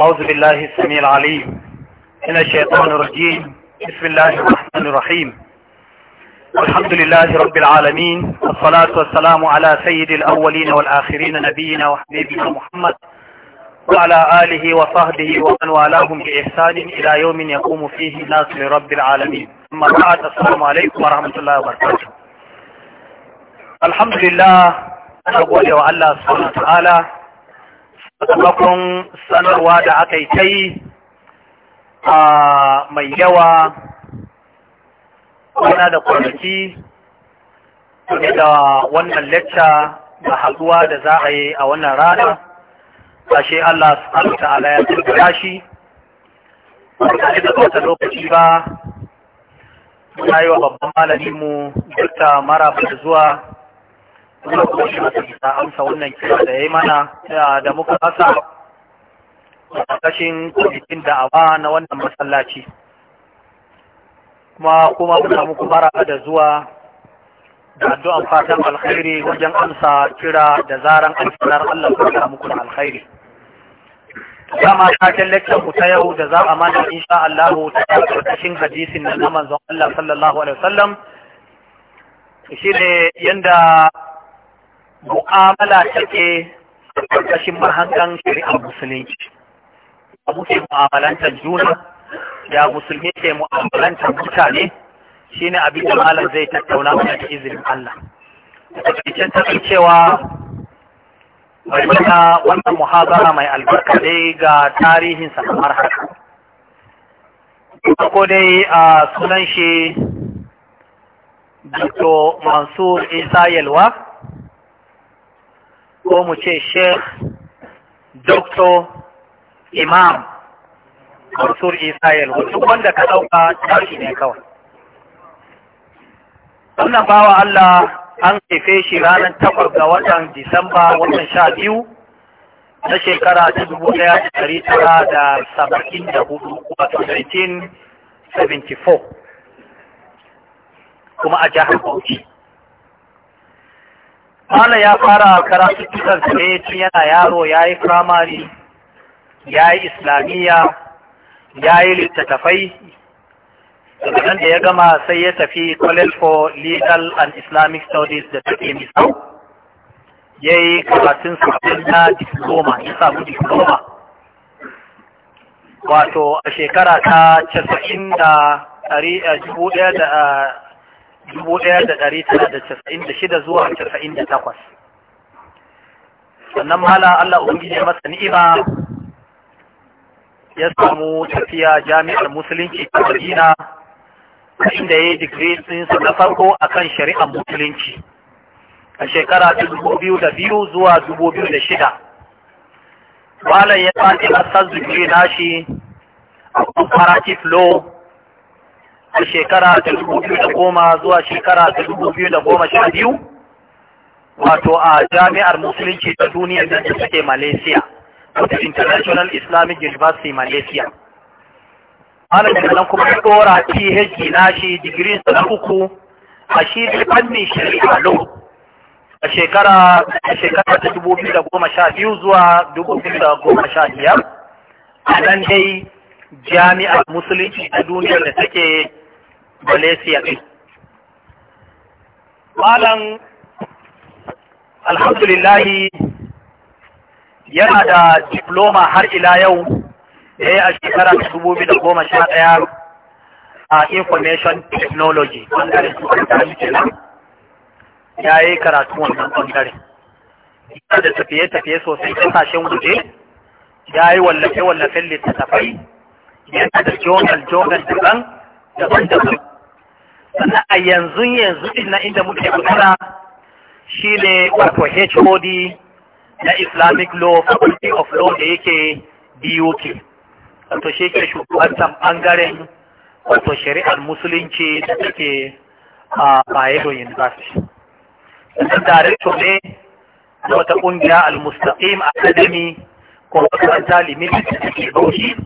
أعوذ بالله السميع العليم من الشيطان الرجيم بسم الله الرحمن الرحيم الحمد لله رب العالمين والصلاة والسلام على سيد الأولين والآخرين نبينا وحبيبنا محمد وعلى آله وصحبه ومن والاهم بإحسان إلى يوم يقوم فيه الناس لرب العالمين أما بعد السلام عليكم ورحمة الله وبركاته الحمد لله أنا أقول وعلى سبحانه وتعالى sakamakon sanarwa da aka yi ta yi a mai yawa wana da kwanaki game da wannan lecca da haɗuwa da za a yi a wannan rana ashe Allah subhanahu ta'ala ya shi ba da wata lokaci ba muna yi wa babban malaminmu duk mara zuwa kuma kuma shi masa amsa wannan kira da ya yi mana da muka kasa kashin kwamitin ba na wannan masallaci kuma kuma muna muku fara da zuwa da addu'an fatan alkhairi wajen amsa kira da zaran an sanar Allah ya muku da alkhairi dama taken lecture ku ta yau da za a mana insha Allah ta karkashin hadisin na manzon Allah sallallahu alaihi wasallam shine yanda mu'amala take ƙarƙashin mahangan shari'ar musulunci a muke mu'amalantar juna ya musulmi ke mu'amalantar mutane shine abin da malam zai tattauna mana da izinin Allah da cikin tafi cewa bai mana wannan muhazara mai albarka dai ga tarihin sa kamar haka ko dai a sunan shi Dr. Mansur Isa Yalwa ko mu ce sheikh doctor imam mansur isa yalwa wanda ka ɗauka tashi ne kawai wannan bawa Allah an haife shi ranar takwas ga watan disamba watan sha biyu na shekara ta dubu daya da dari tara da saba'in da hudu wato four kuma a jihar bauchi Mala ya fara karatu cikin da yana yaro ya yi firamari, ya yi islamiyya, ya yi littattafai, da da ya gama sai ya tafi College for Legal and Islamic Studies da take misau, ya yi karatun sabbin na diploma, ya samu diploma. Wato a shekara ta casa'in da ɗari eh, a da eh, dubu ɗaya da ɗari tara da casa'in da shida zuwa casa'in da takwas sannan mala Allah ubangiji masa ni'ima ya samu tafiya jami'ar musulunci ta Madina inda ya yi digiri ɗinsa na farko a kan shari'ar musulunci a shekara ta dubu biyu da biyu zuwa dubu biyu da shida malam ya sake masar digiri nashi a comparative law a shekara ta dubu biyu da goma zuwa shekara ta dubu biyu da goma sha biyu wato a jami'ar musulunci ta duniya da ta suke malaysia wato international islamic university malaysia ana daga nan kuma ya dora phd na shi digirin na uku a shi da fannin shari'a lo a shekara a shekara ta dubu biyu da goma sha biyu zuwa dubu biyu da goma sha biyar a nan dai jami'ar musulunci ta duniya da take malaysia ɗin malam alhamdulillahi yana da diploma har ila yau da ya a shekara dubu biyu da goma sha ɗaya a information technology ɓangaren su kenan ya yi karatu wannan ɓangaren yana da tafiye-tafiye sosai ƙasashen waje ya yi wallafe-wallafen littattafai yana da jonal-jonal daban daban daban sannan a yanzu yanzu din na inda muke magana ne wato HOD na Islamic Law Faculty of Law da yake DUK. wato shi ke shugabantar ɓangaren wato shari'ar musulunci da take a Bayero University sannan director ne da wata ƙungiya al-Mustaqim Academy ko makaranta limited da ke Bauchi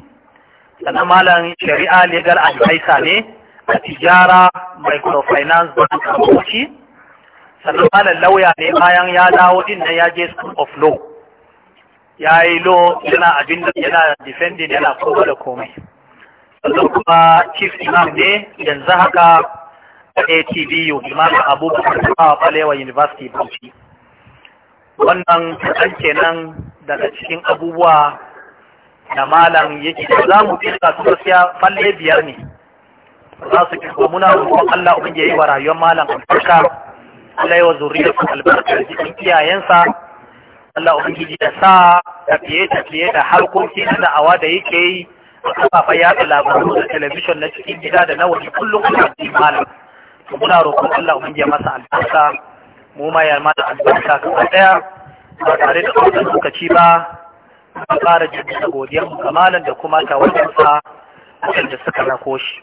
sannan malam shari'a legal advisor ne a tijara microfinance bank a sannan malam lauya ne bayan ya dawo din na ya je school of law ya yi law yana abin da yana defending yana kowa da komai sannan kuma chief imam ne yanzu haka a atbu imam abubakar kawo balewa university bauchi wannan kaɗan kenan daga cikin abubuwa na malam yake za mu fi gasu gaskiya falle biyar ne za su kirko muna roƙon Allah ubin ya yi wa rayuwar malam albarka Allah ya wa zuriyarsa albarka da jikin iyayensa Allah ubin ya sa tafiye tafiye da harkoki na da'awa da yake yi a kafafen yaɗa labaru da talabishin na cikin gida da na waje kullum a cikin malam muna roƙon Allah ubin ya masa albarka mu ma ya mata albarka gaba ɗaya ba tare da ɗaukar lokaci ba a ƙara jaddada godiyar mu kamalan da kuma tawajensa da suka rako shi.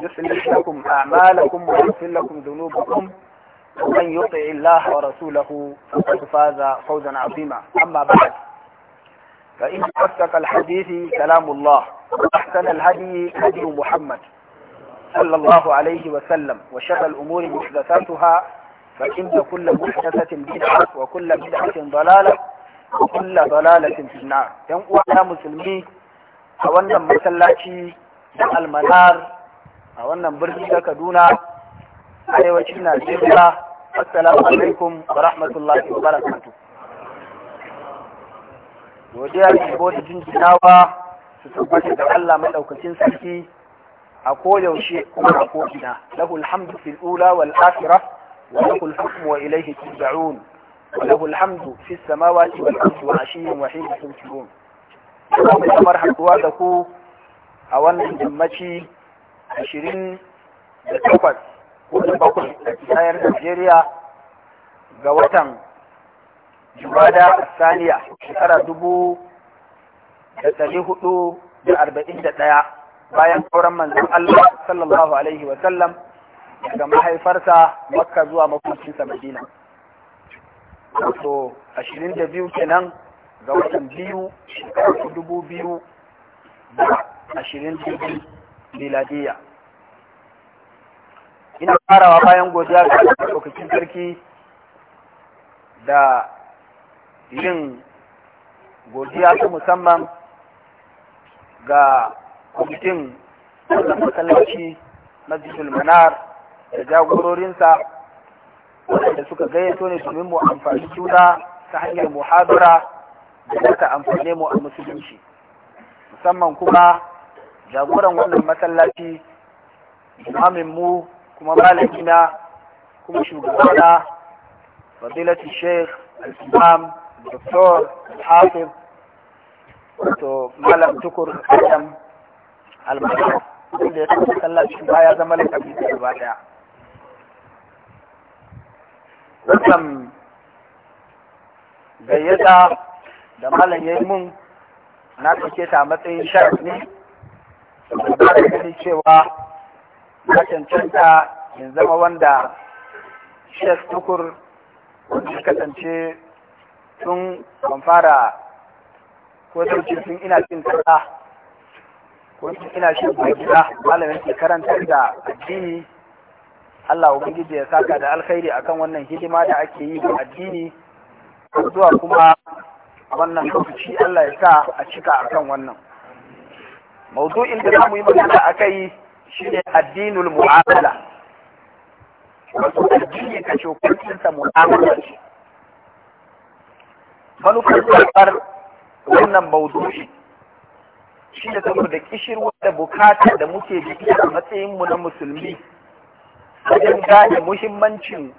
يصلح لكم أعمالكم ويغفر لكم ذنوبكم ومن يطع الله ورسوله فقد فاز فوزا عظيما أما بعد فإن أصدق الحديث كلام الله وأحسن الهدي هدي محمد صلى الله عليه وسلم وشر الأمور محدثاتها فإن كل محدثة بدعة وكل بدعة ضلالة وكل ضلالة في النار يوم مسلمين مسلمي wannan masallaci المنار a wannan birni na Kaduna arewacin Najeriya assalamu alaikum wa rahmatullahi wa barakatuh godiya da bodi jinjinawa su tabbata da Allah madaukakin sarki a koyaushe kuma a ko'ina lahul hamdu fil ula wal akhirah wa lahul hukmu wa ilayhi turja'un وله الحمد في السماوات والأرض وعشي وحين تمسكون samar haɗuwa da ku a wannan yammaci ashirin da takwas ko da bakwai a tsayar Najeriya ga watan Jumada Saniya shekara dubu da tsari hudu da arba'in da ɗaya bayan sauran manzon Allah sallallahu alaihi wa sallam daga mahaifarsa Makka zuwa makocinsa Madina. Wato ashirin da biyu kenan ga watan biyu shekara dubu biyu da ashirin da biyu miladiya. ina farawa bayan godiya ga ɗaukakin sarki da yin godiya ta musamman ga kwamitin wannan masallaci masjidul manar da jagororinsa waɗanda suka gayyato ne domin mu amfani juna ta hanyar muhadara da zata amfane mu a musulunci musamman kuma jagoran wannan masallaci imamin mu kuma malamina kuma shugabana fadilatu sheikh al-imam doktor al-hafiz wato malam tukur adam al mahdi wanda ya tafi sallah shi baya zama lakabi da gaba daya wannan gayyata da malam ya yi mun na ɗauke ta matsayin sharafi ne da ba da cewa na cancanta in zama wanda shek tukur wanda kasance sun ban fara ko sauci sun ina cin kasa ko sun ina ba gida malamin ke karanta da addini Allah ubangiji ya saka da alkhairi akan wannan hidima da ake yi ga addini zuwa kuma wannan lokaci Allah ya sa a cika akan wannan maudu'in da za mu yi magana a kai shine addinul mu'amala wato addini ka ce hukuncinsa mu'amala ce manufar karɓar wannan maudu'i shi da saboda kishirwa da bukata da muke jiki a matsayinmu na musulmi wajen gane muhimmancin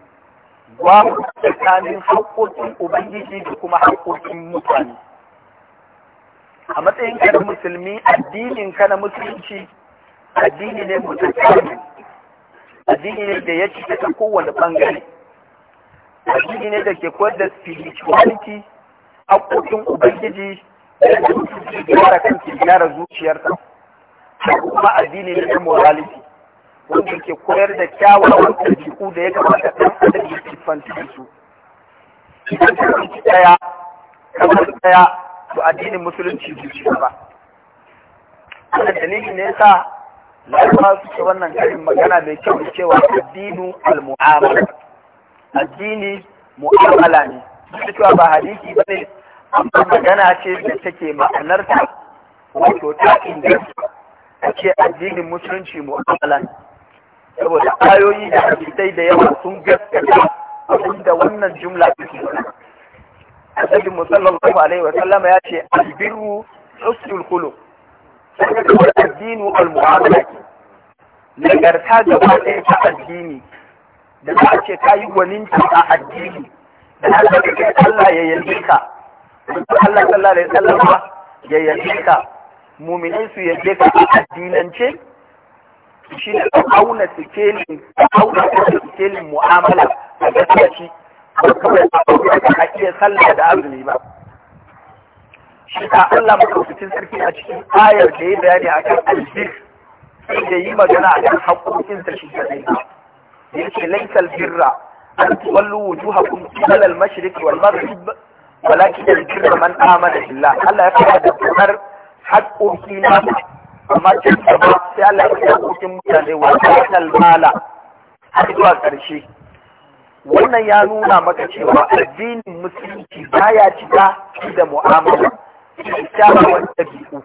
gwamu tsakanin haƙoƙin ubangiji da kuma haƙoƙin mutane a matsayin ka na musulmi addinin ka na musulunci addini ne mutakami addini ne da ya cika ta kowane bangare addini ne da ke koyar da spirituality a kotun ubangiji da ke gyara kanki gyara ta kuma addini ne na morality wanda ke koyar da kyawawan ɗabi'u da ya kamata ɗan adam ya siffanta da su idan ka ɗauki ɗaya kamar ɗaya to addinin musulunci bai ci ba wannan dalilin ne yasa larabawa suke wannan kalin magana mai kyau da cewa addinu al-mu'amala addini mu'amala ne duk cewa ba hadisi ba ne amma magana ce da take ma'anarta wato ta inganta a ce addinin musulunci mu'amala ne saboda ayoyi da hadisai da yawa sun gaskata abinda wannan jumla take nuna Annabi sallallahu alaihi wa sallama ya ce albiru husnul khuluq sai ka addini al-mu'amala ke nagarta gaba ɗaya ta addini da za a ce ka yi gwaninta a addini da haka da kai Allah ya yanke ka mutum Allah sallallahu alaihi wasallam ya yanke ka mu'minai su yanke ka a addinance shi ne ka auna sikelin ka auna sikelin mu'amala a gaskiya shi ba kawai a iya sallah da azumi ba shi ka Allah maɗaukacin sarki a cikin ayar da ya bayani a kan albir sai da yi magana a kan da shi kaɗai ya ce laisal birra an tuwallu wujuhakum qibala al-mashriq wal maghrib walakin al-birra man amana billah Allah ya fara da kamar haƙoƙi na amma cikin gaba sai Allah ya fara haƙoƙin mutane wa ta'al mala har zuwa ƙarshe wannan ya nuna maka cewa addinin musulunci baya cika da mu'amala da kyawawan ɗabi'u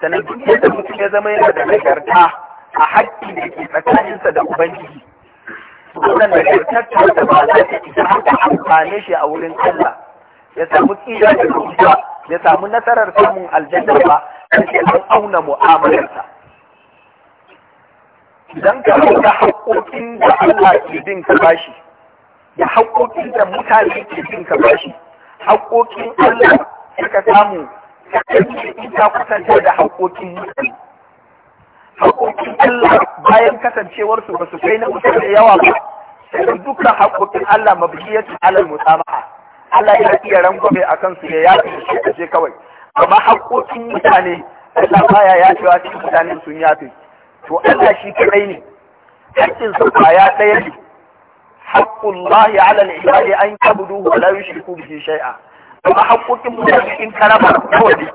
sannan duk yadda mutum ya zama yana da nagarta a haƙƙi da ke tsakaninsa da ubangiji wannan nagartar ta ba za ta isa haka amfane shi a wurin Allah ya samu tsira da kuma ya samu nasarar samun aljanna ba sai an auna mu'amalarsa idan ka ga haƙoƙin da Allah ke bin ka bashi da haƙoƙin da mutane ke bin ka bashi haƙoƙin Allah suka samu ta kusantar da haƙoƙin mutane haƙoƙin Allah bayan kasancewarsu ba su kai na mutum da yawa ba sai duka haƙoƙin Allah mabiyatu alal musamaha Allah ya iya rangwame a kansu ya yafi shi a je kawai amma haƙoƙin mutane Allah baya ya cewa cikin mutanen sun yafi to Allah shi kaɗai ne haƙƙin ba ya ɗaya ne haqqullahi alal ibadi an duhu wa la yushriku bihi shay'a kuma haƙoƙin mutane in karama nawa ne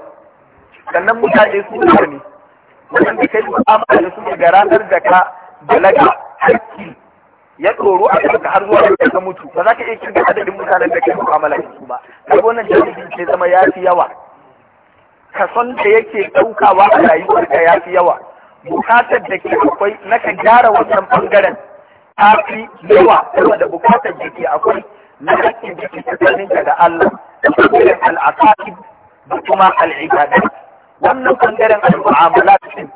sannan mutane su ne ne wanda kai mu'amala da su ga ranar da ka balaga hakki ya tsoro a ka har zuwa da ka mutu ba za ka iya kirga adadin mutanen da ke mu'amala da su ba kai wannan jami'in ke zama ya fi yawa san da yake ɗaukawa a rayuwar ka ya fi yawa bukatar da ke akwai na ka gyara wannan bangaren ta fi yawa da bukatar da ke akwai na hakkin da ke tsakaninka da Allah da kuma al'aqaid da kuma al'ibada wannan bangaren al-mu'amalat din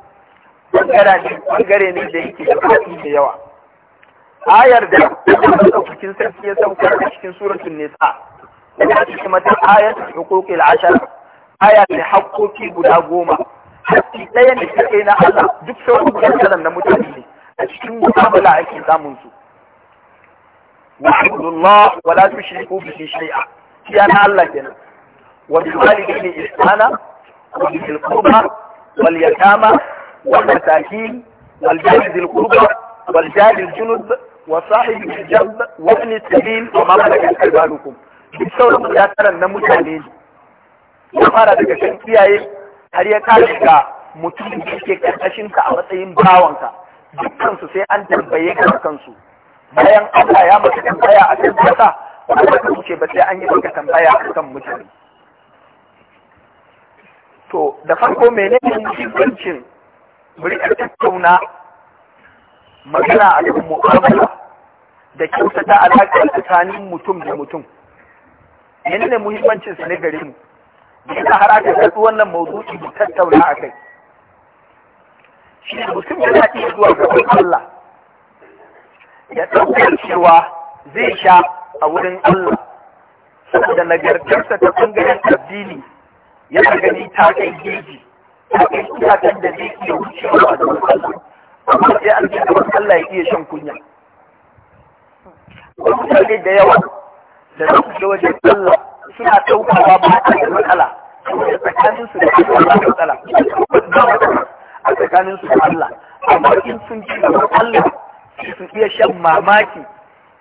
ɓangare ne da yake da faɗi da yawa ayar da cikin sarki ya sauka a cikin suratun nisa da ta cikin mata ayar da hukuki al'ashar aya ne hakkoki guda goma haki ɗaya ne take na Allah duk sauran guda na mutane ne a cikin mu'amala ake samun su وعبد الله ولا تشركوا به شيئا كيانا الله كنا وبالوالدين إحسانا وبذي القربى واليتامى والمساكين والجار ذي القربى والجار الجنب وصاحب الجنب وابن السبيل وما ملكت أيمانكم بالسورة يا ترى النموذج ya fara daga kan kiyaye har ya kare ga mutum da yake karkashin ka a matsayin bawanka dukkansu sai an tambaye ka kansu bayan Allah ya maka tambaya a cikin kasa ba ka wuce ba sai an yi maka tambaya a kan mutane to da farko menene muhimmancin mu rika tattauna magana a kan mu'amala da kyautata alaƙa tsakanin mutum da mutum ne muhimmancin su ne gare mu yana har aka tatsu wannan mawdu'i mu tattauna a kai shi mutum yana iya zuwa gaban Allah Ya ɗaukar cewa zai sha a wurin Allah saboda nagartarsa ta ɓangaren addini yana gani ta kai geji ta kai iyakan da zai iya wucewa a gaban Allah amma sai an ce gaban Allah ya iya shan kunya mutane da yawa da za su wajen Allah suna ɗaukawa ba a da matsala saboda tsakaninsu da Allah ba matsala a tsakaninsu da Allah amma in sun ji gaban Allah su iya shan mamaki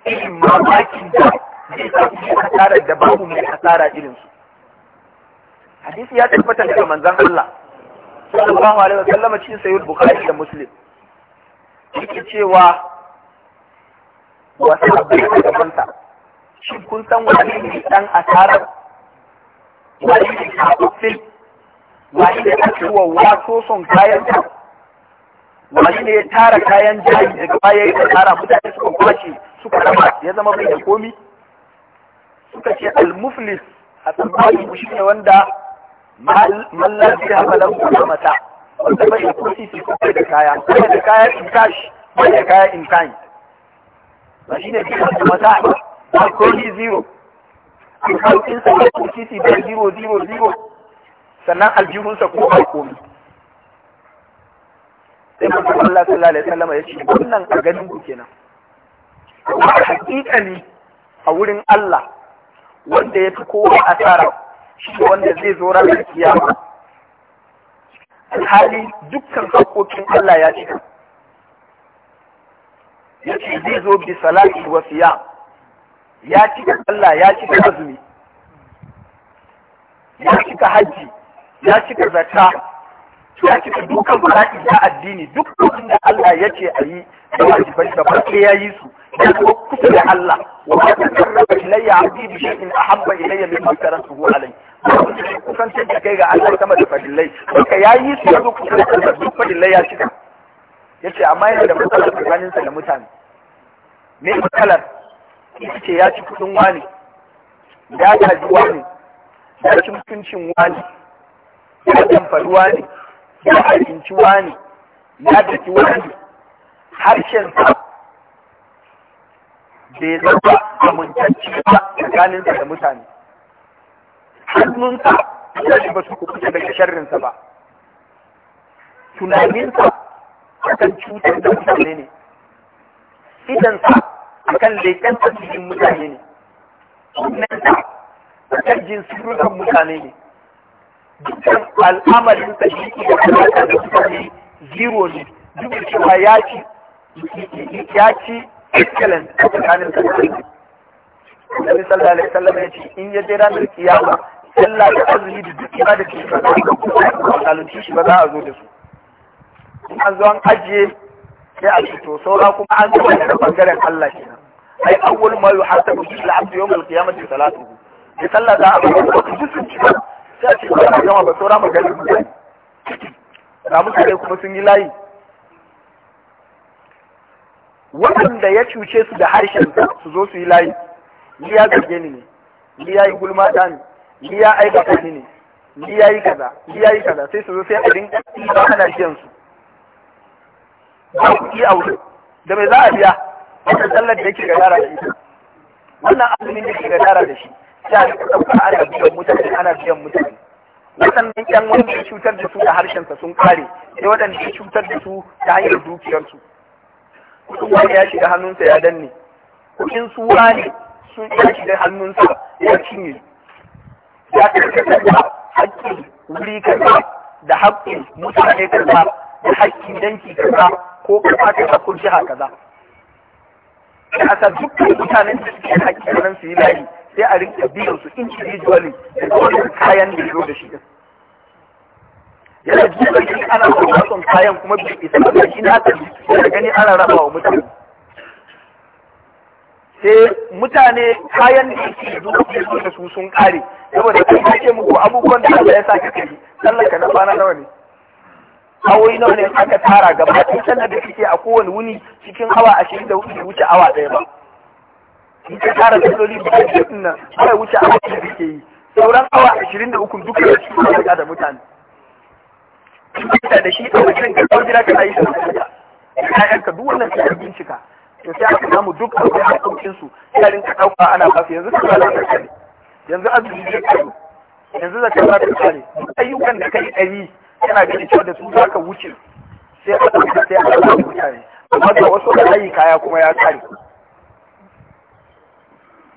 irin mamakin da zai sa su yi asarar da babu mai asara irin su hadisi ya tabbata daga manzan Allah sallallahu alaihi wa sallama cikin sayyid bukhari da muslim yake cewa wasu abin da gabanta shi kun san wani ne dan asara? wani ne kafin wani ne ake wa wato son kayan ta wani ne ya tara kayan jari daga baya ya tara mutane suka kwashe suka raba ya zama bai da komi suka ce al-muflis a tsammanin mu ne wanda mallafi ya hafa da mata wanda bai da kusi su kuma da kaya bai da kaya in kashi bai da kaya in kind ba ne ke da mata ba komi zero a kawai in sa ya kusi da zero zero zero sannan aljihunsa kuma bai komi sai manzo Allah sallallahu alaihi wasallam ya ce wannan a ganin ku kenan hakikani a wurin Allah wanda ya fi kowa asara shi wanda zai zo ranar kiyama alhali dukkan hakokin Allah ya cika ya ce zai zo bi salati wa siya ya cika Allah ya cika azumi ya cika hajji ya cika zakka ya cika dukan fara'i na addini duk abin da Allah ya ce a yi da wajiban ba sai ya yi su ya kuma kusa da Allah wa ma takarraba ilayya abdi bi shay'in ahabba ilayya mimma karatuhu alayhi kusantar da kai ga Allah sama da fadilai baka ya yi su yanzu kusa da Allah duk fadilai ya cika yace amma yana da matsalar tsakanin sa da mutane me matsalar ce ya ci kuɗin wani ya gaji wani ya ci mutuncin wani ya faruwa ne. ya abinci wani ya daki wani harshen sa bai zama amintacci ba tsakanin da mutane hannunsa ya shi ba su kuɓuta daga sa ba tunaninsa akan cutar da mutane ne idansa akan leƙen tasirin mutane ne kan akan jinsurukan mutane ne dukkan al'amarin da shi ke da da suka yi zero ne duk da cewa ya ci ya ci excellent a tsakanin sa Nabi sallallahu alaihi wasallam ya ce in ya je ranar kiyama sallah da azumi da duk ibada ke fada da kuma shi ba za a zo da su. In an zo an ajiye sai a ce to saura kuma an zo da bangaren Allah kenan. Ai awwal ma yuhasabu bil abdi yawm al qiyamati salatuhu. Ya sallah za a ba da duk sun ci ba sai a ce ba a ba saura maganin mutane na mutane kuma sun yi layi waɗanda ya cuce su da harshen su zo su yi layi ni ya zarge ni ne ni ya yi gulma ta ne ni ya aikata ni ne ni ya yi kaza ni ya yi kaza sai su zo sai a dinga ba ana biyan su ba ku yi aure da mai za a biya wata sallar da yake gadara da ita wannan azumin da yake gadara da shi ya rika ɗauka ana biyan mutane ana biyan mutane waɗannan ƴan wanda ya cutar da su da harshensa sun kare sai waɗanda ya cutar da su ta hanyar dukiyarsu kuɗin wani ya shiga hannunsa ya danne kuɗin su wani sun ya shiga hannunsa ya cinye ya karkata da haƙƙin wuri kaza da haƙƙin mutane kaza da haƙƙin danki kaza ko kuma kaza ko jiha kaza. Kasa dukkan mutanen da suke haƙƙin nan su yi layi sai a rinka biyan su individually da kawai kayan da yaro da shi yana jiya shi ana son kayan kuma biyu isa da shi na ta da gani ana raba wa mutane sai mutane kayan da yake zuwa da da su sun kare saboda kai ta ce muku abubuwan da Allah ya saka kai sallaka na bana nawa ne hawai nawa ne aka tara gaba ɗaya sannan da kike a kowane wuni cikin awa ashirin da wuce awa ɗaya ba in ka tara ba biyar da nan kawai wuce a cikin da ke yi sauran awa ashirin da uku duka da su kuma da mutane da shi a wajen ka kawai jira kana yi da mutane ka duk wannan sai bincika to sai aka samu duk abin hukuncin su yarin ka dauka ana ba su yanzu kaza ta ne yanzu azumi zai kare yanzu zakar za ta kare ayyukan da kai ɗari yana ganin cewa da su za ka wuce sai a ɗauka sai a ɗauka mutane amma da wasu da ayyuka ya kuma ya kare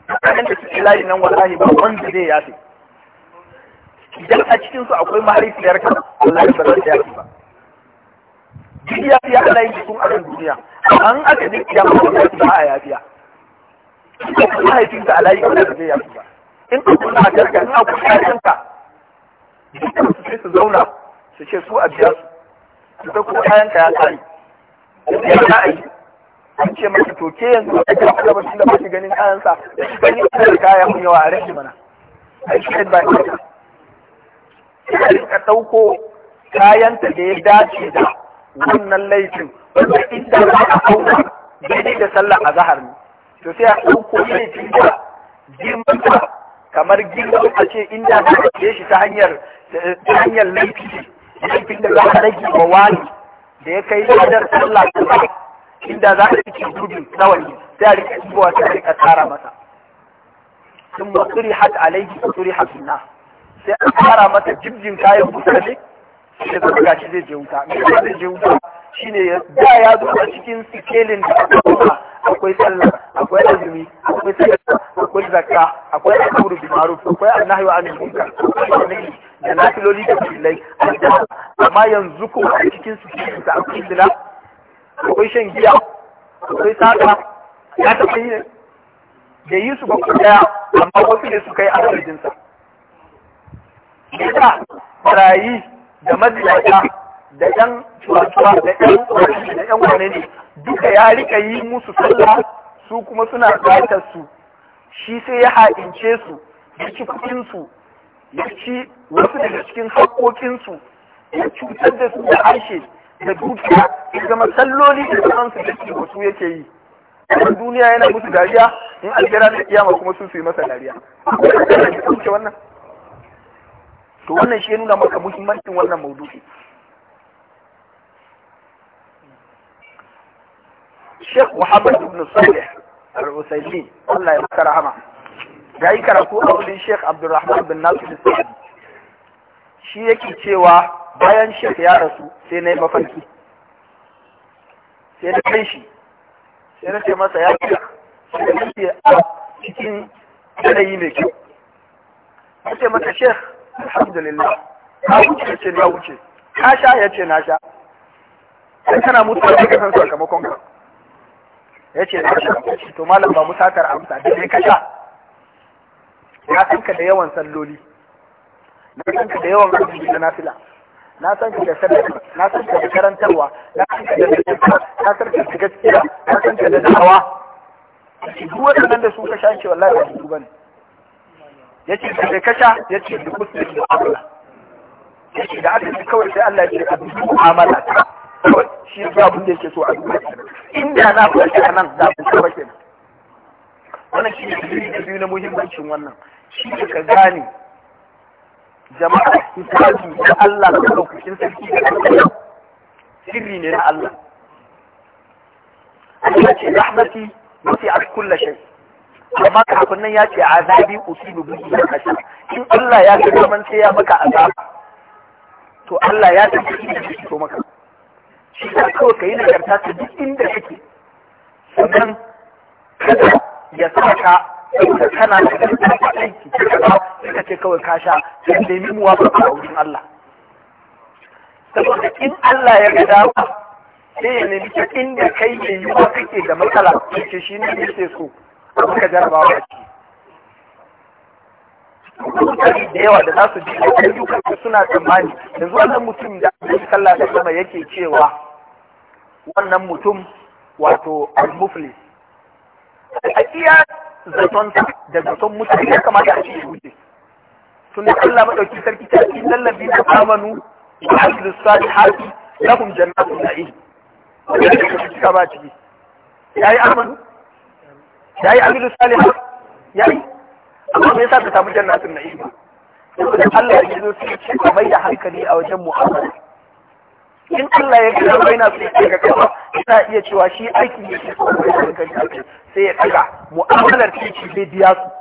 kaɗan da suke layi nan wallahi ba wanda zai yafe idan a cikinsu akwai mahaifiyar ka wallahi ba za ta yafe ba duk ya fiya ana yin cikin akan duniya an aka ne ya ba ba a yafiya in ka kuma haifin ka ta ba zai yafi ba in ka kuma a jarga in akwai ƴaƴan ka dukkan su sai su zauna su ce su a biya su su ta kuma ƴaƴan ka ya tsari ya ta a yi an ce masa to ke yanzu a kan gaba tun da kake ganin kayansa da shi gani da kaya mun yawa a rashi mana a shi ba shi ka rika ɗauko kayanta da ya dace da wannan laifin wanda inda za a ɗauka daidai da sallar zahar ne to sai a ɗauko laifin da ta kamar girman a ce inda za a ce shi ta hanyar ta hanyar laifin laifin da za a rage wa wani da ya kai ladar sallah ta inda za a cikin gudun tsawon sai a rike shigowa sai a rike tsara masa sun ba hat alaiki suri hat na sai a tsara masa jibjin kayan mutane sai zaka shi zai je wuta me yasa zai je wuta shine da ya zo a cikin sikelin da aka kuma akwai sallah akwai azumi akwai sadaka akwai zakka akwai al'amru bi ma'ruf akwai annahyu anil munkar da nafiloli da filai amma yanzu kuma a cikin sikelin da aka kusa akwai shan giya akwai sata ya taɓa yi ne da yi su bakwai daya amma wasu ne su kai asibitinsa yasa barayi da maziyata da ɗan cuwa-cuwa da yan wani da ɗan wane ne duka ya rika yi musu sallah su kuma suna gatar su shi sai ya haɗince su ya ci kuɗinsu ya ci wasu daga cikin haƙoƙinsu ya cutar da su da harshe da dukiya ya zama salloli da zaman su da su yake yi idan duniya yana musu dariya in alkira da kiyama kuma sun su yi masa dariya wannan to wannan shi ya nuna maka muhimmancin wannan maudu'i Sheikh Muhammad ibn Salih al usaili Allah ya maka rahama yi karatu a wurin Sheikh Abdulrahman bin Nasir Sa'di shi yake cewa bayan shek ya rasu sai na yi mafarki sai na kai shi sai na ce masa ya ce sai na ce a cikin yanayi mai kyau na ce masa shek alhamdulillah ka wuce ya ce na wuce ka sha ya ce na sha sai kana mutuwa da kasan sakamakon ka ya ce na sha ya ce to malam ba musatar amsa da ka sha ya san ka da yawan salloli na san ka da yawan azumi na nafila na san ki da sadaka na san ki da karantarwa na san ki da gaskiya na san ki da gaskiya na san ki da da'awa duk waɗannan da su ka sha wallahi ba su bane yace da kai kasha yace da kusa da mu'amala da aka ci kawai sai Allah ya ce a duk mu'amala shi ya ga abin da yake so a duk inda na fara a nan da ku ba kenan wannan shi ne da biyu na muhimmancin wannan shi ka gane jama'a kitabi da Allah da lokacin sarki da Allah sirri ne na Allah Allah ce rahmati mafi a kulla shai amma kafin nan ya ce azabi usibu bihi da kashi Shin Allah ya ga zaman sai ya maka azaba to Allah ya san shi da shi to maka shi ka kawai kai nagarta ta duk inda kake sannan kada ya sa ka saboda kana da aiki sai ce kawai ka sha sai nemi muwa ba a wurin Allah saboda in Allah ya ga dama sai ya nemi ta inda kai ne yi wa kake da matsala ce shi ne yake so a muka jarabawa a ciki mutane da yawa da za su ji da ayyukan suna tsammani yanzu wannan mutum da abin sallah da sama yake cewa wannan mutum wato al-muflis zatonsa da zaton mutane ya kamata a cikin wuce tun da Allah maɗauki, sarki ta ƙi lallabi da amanu wa amilu salihati lahum na na'im wanda ya cika ba ciki yayi amanu yayi haƙi? Ya yi? amma me sa ka samu jannatun na'im saboda Allah ya zo ce ka mai da hankali a wajen mu'amala in Allah ya kira mai na su ke gaba ina iya cewa shi aiki ne ke so mai hankali sai ya daga mu'amalar titi bai biya su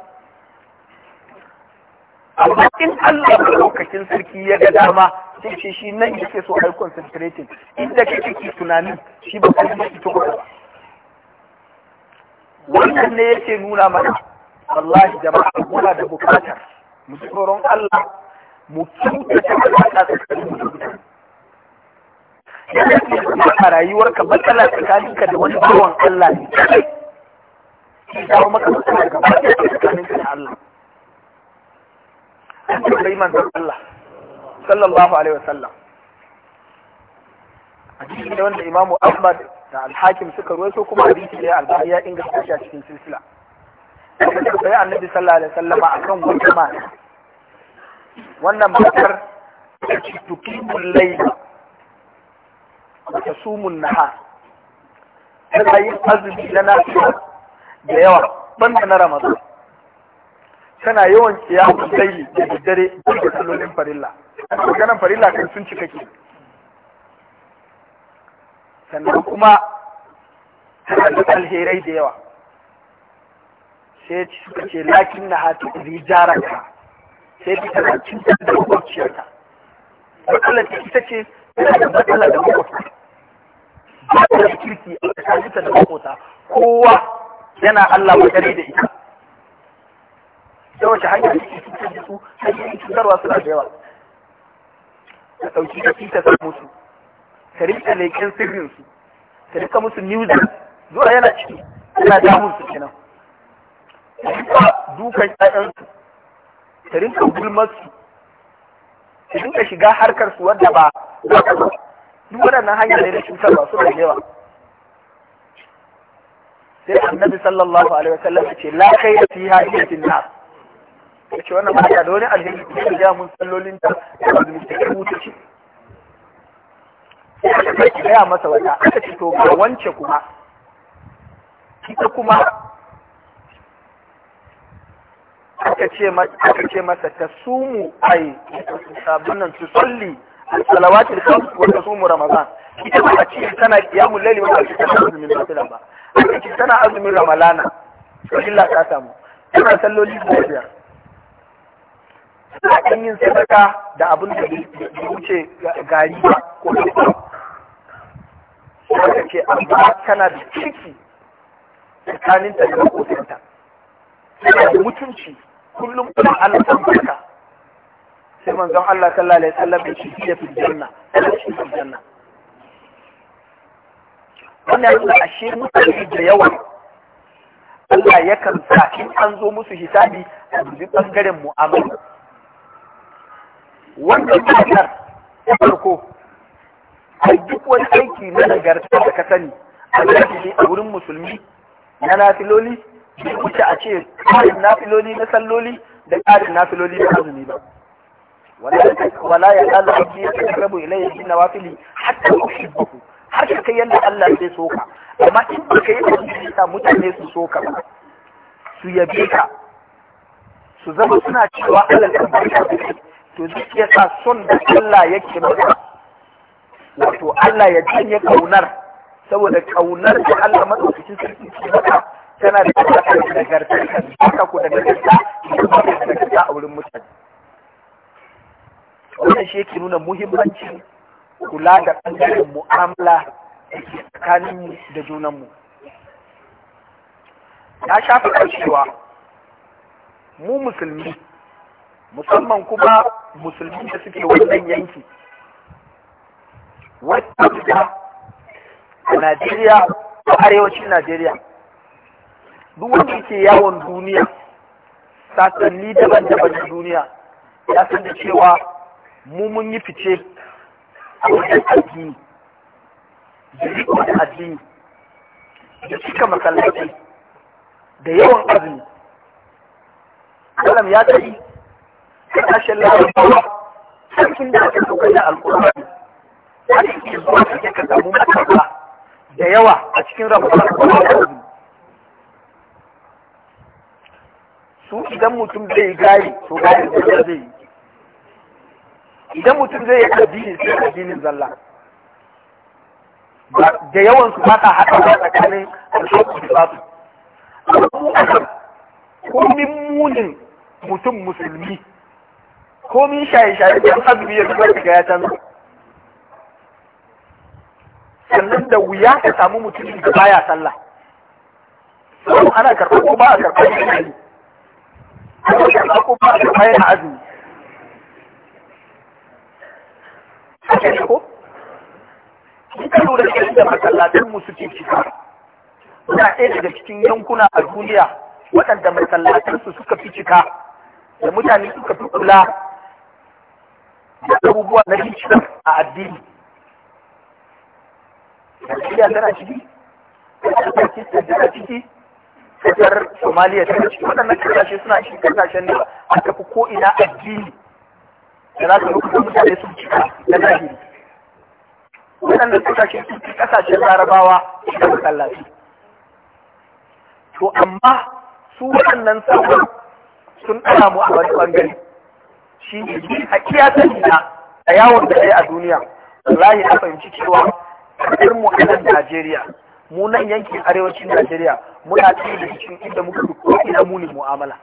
amma in Allah da lokacin sarki ya ga dama sai ce shi nan yake so a yi concentrating inda kake ki tunanin shi ba ka yi ta ba wannan ne yake nuna mana wallahi jama'a muna da bukatar mu tsoron Allah mu kyautata alaƙa tsakanin mu da mutane a rayuwarka matsala tsakaninka da wani bawan Allah ne kawo maka matsala gaba ɗaya tsakaninka da Allah an tambayi manzon Allah sallallahu alaihi wasallam cikin ne wanda imamu Ahmad da al-Hakim suka ruwaito kuma hadisi ne al-Bukhari ya inganta shi a cikin silsila kuma tambayi annabi sallallahu alaihi wasallama akan wata mata wannan matar ta ci tukin laila wata sumun naha tana yi azumi na nasiya da yawa ban da na ramadan tana yawan kiyamun daili da daddare duk da sallolin farilla maganan farilla kan sun cika ke sannan kuma tana da alherai da yawa sai suka ce lakin na hatu ka. sai ta tana cinta da makwabciyarta matsalar ita ce tana da matsala da makwabciyarta ba ta da kirki a tsakaninta da makota kowa yana Allah ba dare da ita ta wace hanya suke cutar da su hanyoyin cutarwa suna da yawa ta ɗauki da ta samu su ta rika leƙen sirrinsu ta rika musu newsletter zuwa yana ciki yana damun su kenan ta rika dukan ƴaƴansu ta rika gulmarsu ta rika shiga harkar su wadda ba za ta duk waɗannan hanyar ne na cutar masu da yawa sai annabi sallallahu alaihi wasallam ya ce la kai da fiha illa tinna ya ce wannan mata da wani alheri da ya mun sallolin ta da azumi ta ke wuta ce sai ka gaya masa wata aka ce to ga wance kuma ita kuma aka ce masa ta sumu ai sabon nan su salli salawatul khams wa tasum ramadan ita ba a ce tana qiyamul layli cikin tana azumin nafila ba a cikin tana azumin ramalana to illa ta samu tana salloli biyar tana kan yin sadaka da abin da bai wuce gari ba ko kuma aka ce an ba tana da ciki tsakaninta da makotinta tana da mutunci kullum kuma san barka sai manzon Allah sallallahu alaihi wasallam ya ce ya fi janna janna wannan yana ashe mutane da yawa Allah yakan sa in an zo musu hisabi a cikin bangaren mu'amala wannan matar ta farko a duk wani aiki na nagarta da ka sani a zaki a wurin musulmi na nafiloli bai wuce a ce ƙarin nafiloli na salloli da ƙarin nafiloli na azumi ba wala ya kala abdi ya karabu ilayya bin nawafili har ka kai yanda Allah zai so ka amma in ba ka yi da sa mutane su so ka ba su yabe ka su zama suna cewa Allah kan barka to zai iya sa son da Allah yake maka wato Allah ya janye kaunar saboda kaunar da Allah madaukakin sarki ke maka tana da alaƙa da nagarta da ko da nagarta da nagarta a wurin mutane wannan shi yake nuna muhimmancin kula da ɓangaren mu'amala da ke tsakaninmu da junanmu Ya shafi cewa mu musulmi musamman kuma musulmi da suke wannan yanki wata fita a najeriya a arewacin najeriya duk wanda yake yawon duniya sasanni daban-daban na duniya ya san da cewa mu mun yi fice a wajen addini da rikon addini da cika masallaci da yawan azumi kalam ya tafi ta tashin larabawa sarkin da aka sauka da alkurani aka iya zuwa cikin ka samu matasa da yawa a cikin ramadan da azumi su idan mutum zai gari to gari da zai yi idan mutum zai yi addini sai addinin zalla da yawan su ba ta haɗa ba tsakanin alhaku da basu komin munin mutum musulmi komin shaye-shaye da azumi ya zuwa daga ya canza sannan da wuya ka samu mutumin da baya sallah sau ana karɓar ko ba a karɓar yana yi karɓar ko ba a karɓar yana azumi haka ne ko in ka lura da yadda masallatan mu suke cika suna ɗaya daga cikin yankuna a duniya waɗanda masallatan su suka fi cika da mutane suka fi kula da abubuwa na cikin a addini Najeriya tana ciki, ƙasar Pakistan tana ciki, ƙasar Somaliya tana ciki, waɗannan ƙasashe suna cikin ƙasashen da aka fi ko'ina addini da za mutane sun cika na zahiri waɗannan suka sun fi larabawa da masallaci to amma su waɗannan sauran sun ɗara mu a wani ɓangare shi ne a kiyasan da a yawon da a duniya wallahi na fahimci cewa kasar mu a nan Najeriya mu nan yankin arewacin Najeriya muna cikin da cikin inda muka duk ina muni mu'amala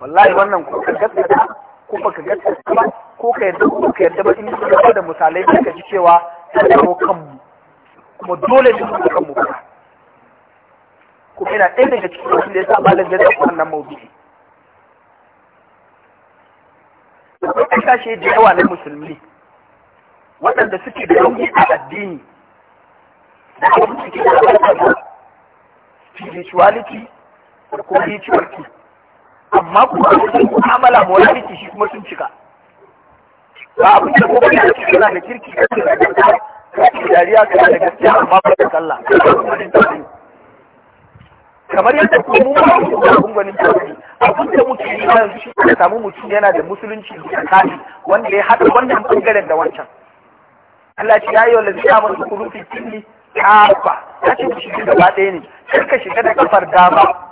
wallahi wannan ko ka gaskata ko baka gaskata ba ko ka yadda ko ka yadda ba in ka da misalai da ka ji cewa ta dawo kanmu kuma dole ne mu kanmu ba kuma yana ɗaya daga cikin wasu da ya sa malam ya zaɓi wannan maudu'i ka kashe da yawa na musulmi waɗanda suke da rauni a addini da abin suke da alaƙa da spirituality da kuma ritual amma kuma sun mu'amala munafiki shi kuma sun cika ba abin da kuma ya ce kana da kirki da kana da kirki dariya kana da gaskiya amma ba da sallah kamar yadda ku mu ba mu gwanin tauri abin da muke yi yanzu shi ka samu mutum yana da musulunci da kafi wanda ya haɗa wannan bangaren da wancan Allah ce ya yi wa lalata masu kuru fitilli ba ya ce ku shiga gaba ɗaya ne kar ka shiga da kafar dama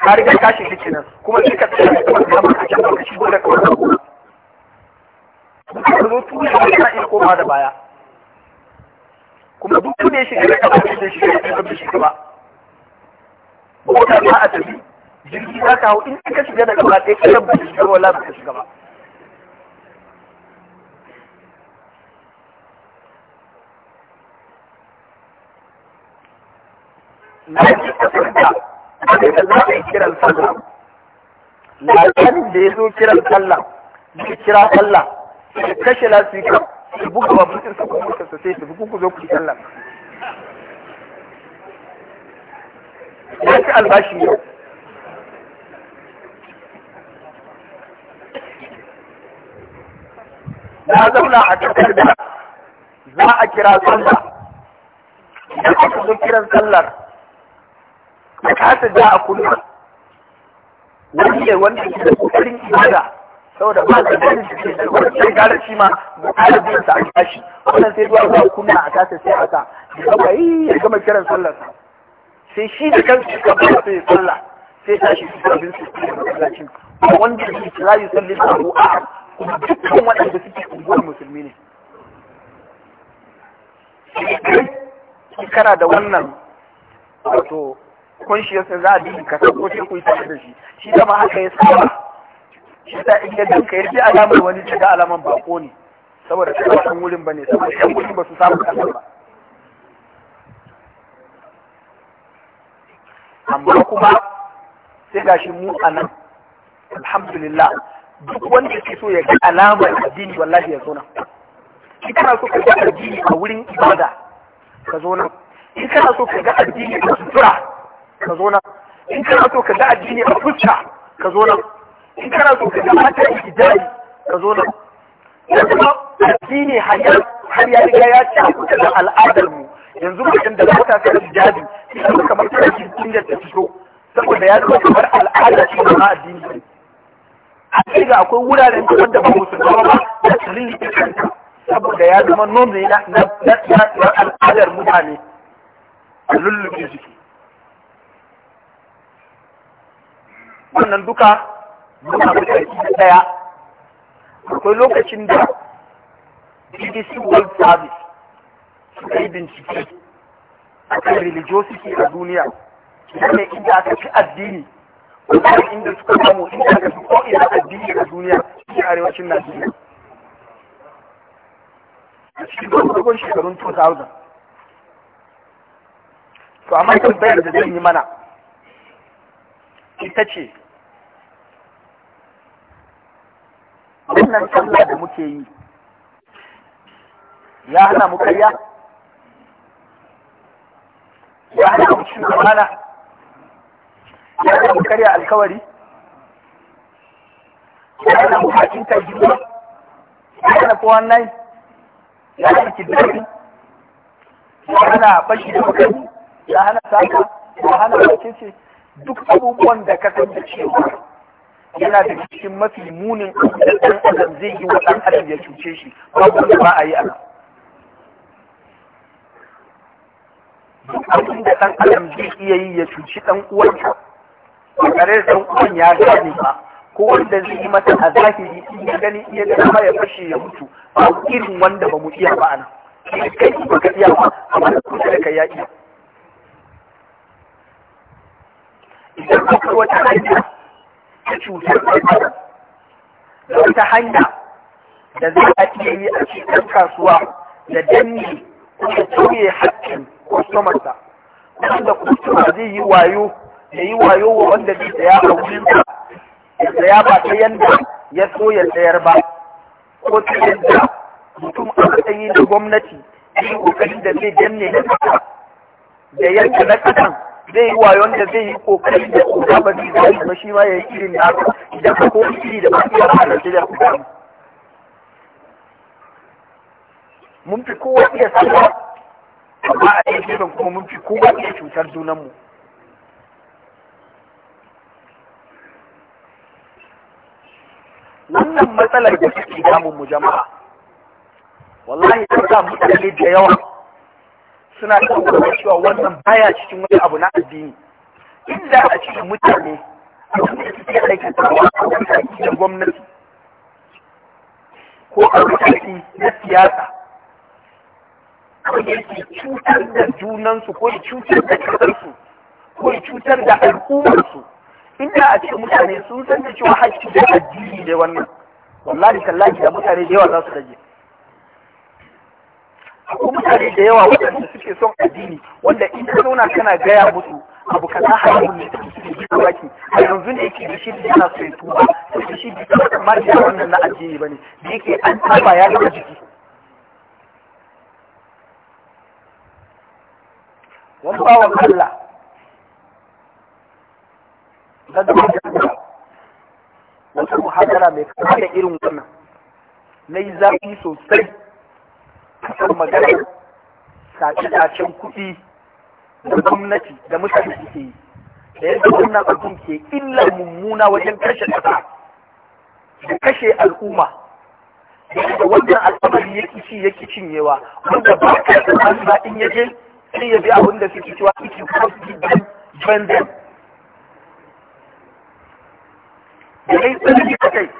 ka riga ka shiga kenan kuma sai ka tsaya kuma ka ba ka ba ka shigo da kawai ka zo tuya ka iya koma da baya kuma duk ne shiga da kawai da shiga da kawai shiga ba ko da ba a tafi jirgi za ka hau in ka shiga da kawai ɗaya ka yabba shiga wala ba ka shiga ba na yi kasar da da za a yi kiran sallah ladanin da ya zo kiran sallah zai kira sallah su kashe lasika su buga babutin su kuma su sai su bugu ku zo ku yi sallah ya ci albashi yau na zauna a takarda za a kira sallah idan aka zo kiran sallah. da kasa da a kunna wani ya wanda ke da kokarin ibada saboda ba da gani da ke da wancan gara shi ma da alibin sa a kashi wannan sai zuwa zuwa kunna a kasa sai a sa da kawai yi ya gama kiran sallarsa sai shi da kansa ya kama sai ya salla sai tashi su abin su ke da masallacin wanda ya ce rayu sallin abu a kuma dukkan waɗanda suke unguwar musulmi ne kana da wannan wato conscious za a bi ka ko shi ku yi da shi shi zama haka ya saba shi ta in yadda ka yi alamar wani shiga alamar bako ne saboda shi ba san wurin ne, saboda yan wurin ba su samu kasar ba amma kuma sai gashi mu a nan alhamdulillah duk wanda ke so ya ga alamar addini wallahi ya zo nan shi kana so ka ga addini a wurin ibada ka zo nan shi kana so ka ga addini a sutura ka zo nan in kana so ka ga addini a fuska ka zo nan in kana so ka ga mata hijabi ka zo nan da kuma addini har ya riga ya ci a da al'adar mu yanzu mutum da ba ta ga hijabi sai kamar ta cikin inda ta fito saboda ya zama kamar al'ada ce ba addini ne a kai ga akwai wuraren da wanda ba musulma ba da tsirin kanta saboda ya zama nomi na al'adar mutane a lullube jiki wannan duka muna mataki daya akwai lokacin da BBC World Service suka yi bincike a kan religiosity a duniya ne inda aka fi addini kuma inda suka samu inda aka fi ko ina addini a duniya cikin arewacin Najeriya a cikin farkon shekarun 2000 to amma tambayar da zan yi mana ita ce wannan sallah da muke yi ya hana mu karya ya hana mu cin amana ya hana mu karya alkawari ya hana mu hakin juna ya hana kowa nai ya hana kidnapping ya hana bashi da mutane ya hana sata ya hana wakilci duk abubuwan da ka san da cewa yana da cikin mafi munin da ɗan adam zai yi wa ɗan adam ya cuce shi babu wanda ba a yi ana abin da ɗan adam zai iya yi ya cuci ɗan uwan ba tare da ɗan uwan ya gane ba ko wanda zai yi masa a zahiri in ya gani iya da ba ya fashe ya mutu ba irin wanda ba mu iya ba ana kai ba ka iya ba amma da kusa da kai ya iya idan akwai wata hanya ta cutar ɗan da wata hanya da za a iya yi a cikin kasuwa da danne ko da tauye haƙƙin kwastomarsa wanda kwastoma zai yi wayo da yi wayo wa wanda zai tsaya a wurinsa ya tsaya ba ta yanda ya so ya tsayar ba ko ta yanda mutum a matsayi da gwamnati ya yi ƙoƙarin da zai danne na kasa da yanke na kasan zai yi wayon da zai yi kokari da kuka ba zai zai ba shi ma ya yi irin na idan ka ko iri da masu da a Najeriya ku gani. Mun fi kowa iya sallah amma a yi gefen kuma mun fi kowa iya cutar junanmu. Wannan matsalar da ke damun mu jama'a. Wallahi ta sa mutane da yawa suna tabbatar cewa wannan baya cikin wani abu na addini inda a cikin mutane a wanda suke aiki da mataki da gwamnati ko a mutane na siyasa kawai yake cutar da junansu ko ya cutar da kasarsu ko ya cutar da al'ummarsu inda a cikin mutane sun san da cewa haƙƙi da addini da wannan wallahi tallaki da mutane da yawa za su rage akwai mutane da yawa wadanda suke son addini wanda in ka zauna kana gaya musu abu kaza haramun ne suke da baki a yanzu ne yake da shi da yana so ya tuba to da shi da ta kamar da wannan na addini ne da yake an taba ya ga jiki wani bawan Allah na da wata muhadara mai kama da irin wannan na yi zafi sosai kan magana sace-sacen kuɗi da gwamnati da mutane suke yi da yadda wannan abin ke illar mummuna wajen kashe ƙasa da kashe al'umma da wannan al'amari ya ci yake cinyewa wanda ba ka da ba in yaje sai ya bi abin da suke cewa iki kuma su gidan brendan da ya yi tsarki kai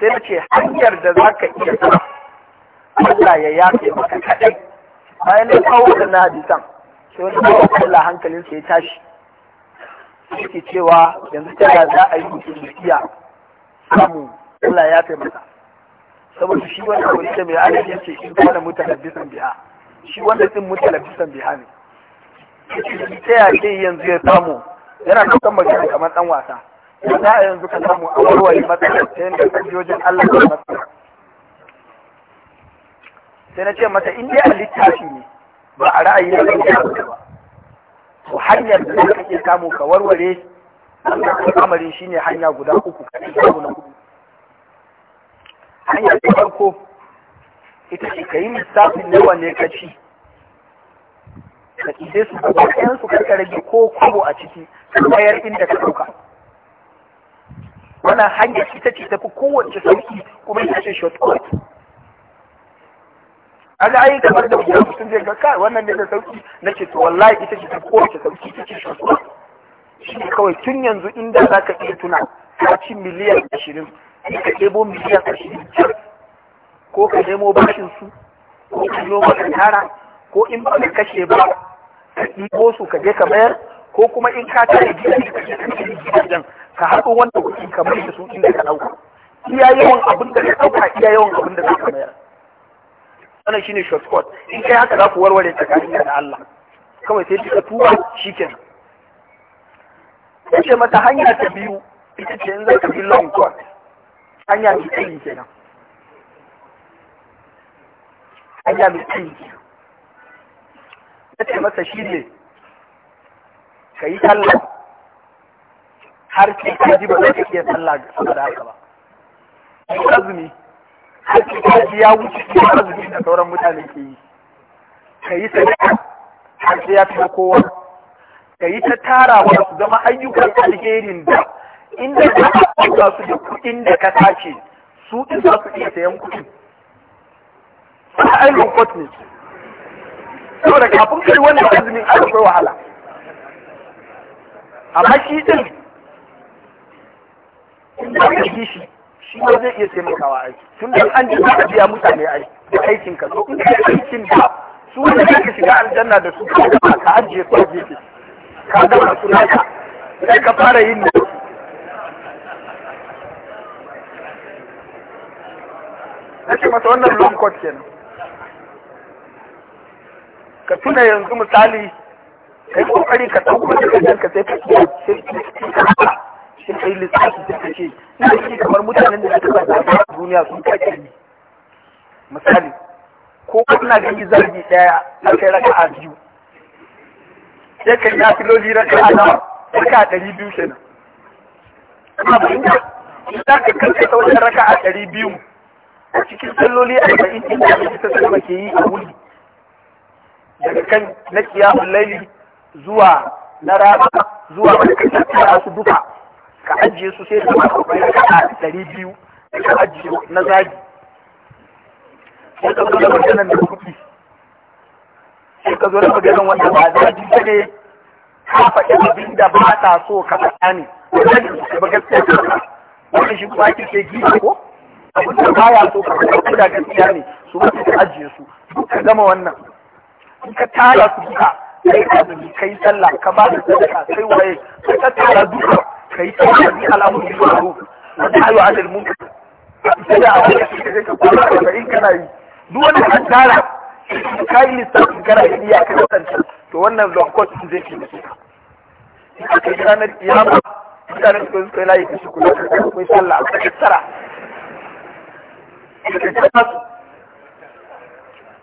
sai na ce hanyar da za ka iya tsara Allah ya yafe maka kadai bayan da kawo na hadisan sai wani bawan Allah hankalin sai ya tashi yake cewa yanzu ta za a yi mutum dukiya samu Allah ya yafe maka saboda shi wanda wani da mai alaji yace in kana mutalabbisan biha shi wanda din mutalabbisan biha ne ta yake yanzu ya samu yana ɗaukar magana kamar ɗan wasa za a yanzu ka samu a warware matsalar ta yadda sojojin Allah ya matsala sai na ce mata in dai a littafi ne ba a ra'ayi na zai ba to hanyar da za ka iya samu ka warware shi ne hanya guda uku kaɗai samu na kudu hanya ta farko ita ce ka yi lissafin nawa ne ka ci ka ƙide su gaba ɗayan su karka rage ko kwabo a ciki bayar inda ka ɗauka wannan hanyar ita ce tafi kowace sauki kuma ita ce shortcut kaga ayi kamar da kuma mutum zai ga kai wannan ne da sauki ce to wallahi ita ce ta kowace sauki ita ce shakwa shi ne kawai tun yanzu inda za ka iya tuna ka ci miliyan ashirin ka ɗebo miliyan ashirin ko ka nemo bashin su ko ka ma ka tara ko in ba ka kashe ba ka ɗibo su ka je ka mayar ko kuma in ka tare gidan ka je ka kashe gidan ka haɗo wanda kuɗi ka mai da su inda ka ɗauka iya yawan abin da ka ɗauka iya yawan abin da za ka mayar wannan shine shortcut in kai haka za ku warware tsakaninka da Allah kawai sai ka tuba Ya ce mata hanya ta biyu ita ce in za ka bi long court hanya mai tsayi kenan hanya mai tsayi ce masa shi ne ka yi sallah har sai ka ji ba za ka iya sallah da haka ba azumi haƙƙin haji ya wuce ke arzikin da sauran mutane ke yi ka yi sadaka har sai ya fi kowa ka yi ta tarawa su zama ayyukan alherin da inda za ka ɗauka su da kuɗin da ka sace su in za su iya sayan kuɗin ba ainihin kwat ne saboda kafin kai wannan azumin an akwai wahala amma shi din in ba ka shi shi ma zai iya taimakawa aiki tun da an ji ka biya mutane aiki da aikin ka so in ka aikin da su za ka shiga aljanna da su ka ka ajiye su a gefe ka gama su naka sai ka fara yin da Nake masa wannan long court kenan. Ka tuna yanzu misali, kai kokari ka ɗauko da ka sai ka sai ka cikin ɗan lissafi sai kake ce ina ce kamar mutanen da suka zaɓa a duniya sun kake ne misali ko kuna gani zargi ɗaya a kai raka a biyu sai ka ya filoli raka a nawa raka a ɗari biyu kenan amma ba inda za ka kanka sauran raka a ɗari biyu a cikin salloli arba'in ɗin da ake ta sama ke yi a wuri daga kan na kiyamun laili zuwa na rana zuwa wani kan tattara su duka ka ajiye su sai ka akwai a ɗari biyu ka ajiye na zagi sai ka zo da maganan da kuɗi sai ka zo da maganan wanda ba zagi ta ne ka faɗi abin da ba ta so ka faɗa ne zagi su ba gaskiya ka faɗa wannan shi kuma ake sai gina ko abin da ba ya so ka faɗa ko da gaskiya ne su ba ka ajiye su duk ka gama wannan in ka tara su duka kai azumi kai sallah ka ba su sadaka kai waye ka tattara duka kai ta wani alamun da ya zo wani ayo alal munkar sai da abin da kake ka kula da in kana yi duk wani an tara kai lissafin kana yi ya kai wannan to wannan long court zai fi da shi aka yi ranar kiyama mutanen su kai layi kashi kula da kai kai sallah a kai tara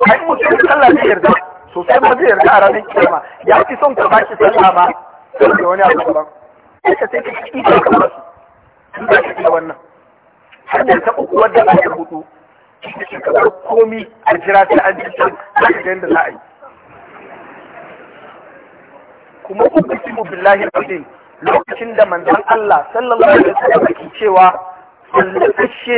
ai mutum sallah zai yarda sosai ma zai yarda a ranar kiyama ya fi son ka ba shi sallah ma sai wani abu daban ita sai ka ci ka kama su in za ka iya wannan hanyar ta uku wadda ake hudu ita ce kamar komi a jira ta an ji can za ka ga yadda za a yi kuma uqsimu billahi al lokacin da manzon Allah sallallahu alaihi wasallam ke cewa sallatacce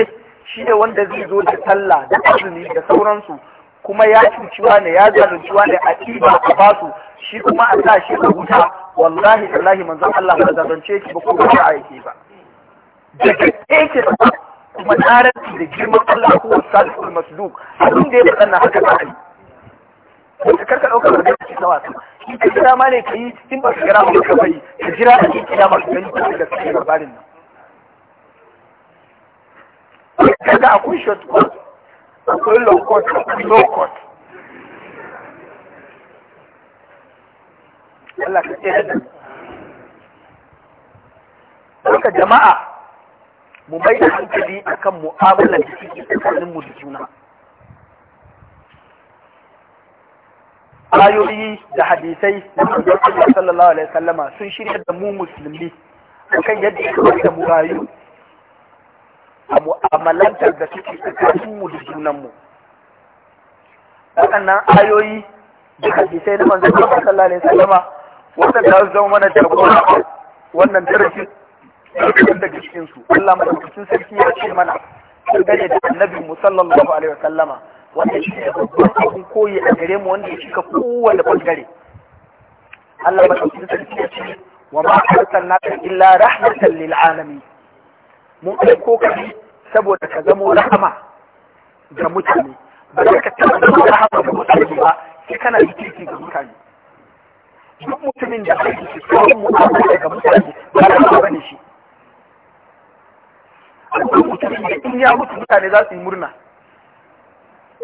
shi ne wanda zai zo da sallah da azumi da sauransu kuma ya cuci wani ya zalunci wani a ƙiba a basu shi kuma a sa shi a wuta wallahi wallahi manzon Allah ba zalunce ki ba ko ba a yake ba da kake kuma tsaranci da girman Allah ko salisul masluk abin da ya faɗa na haka ba ka karka ɗaukar da kake ta wasa in ka jira ma ne ka yi cikin ba ka jira ba ka bari ka jira a cikin kiyama su ka gani ko da kake labarin nan kaga akwai shot akwai low court akwai low court Allah ka da Haka jama'a mu bai da hankali akan mu'amalar da suke tsakanin mu da juna. ayoyi da hadisai na manzon ta sallallahu alaihi wasallama sun shirya da mu musulmi akan yadda ya kamata mu rayu a mu'amalantar da suke tsakaninmu da junanmu waɗannan ayoyi da hadisai na manzon Allah sallallahu alaihi wasallama waɗanda za zama mana jagora wannan darasi dukkan daga cikin su Allah madaukakin sarki ya ce mana dangane da annabi mu sallallahu alaihi wasallama wanda shi ne babban abin koyi a gare mu wanda ya cika kowane bangare Allah madaukakin sarki ya ce wa ma arsalnaka illa rahmatan lil alamin mun aiko ka saboda ka zamo rahama ga mutane ba za ka taɓa zama rahama ga mutane ba sai kana yi kirki ga mutane duk mutumin da aiki mu a mu'amala ga mutane ba za ka bane shi Duk mutumin da in ya mutu mutane za su yi murna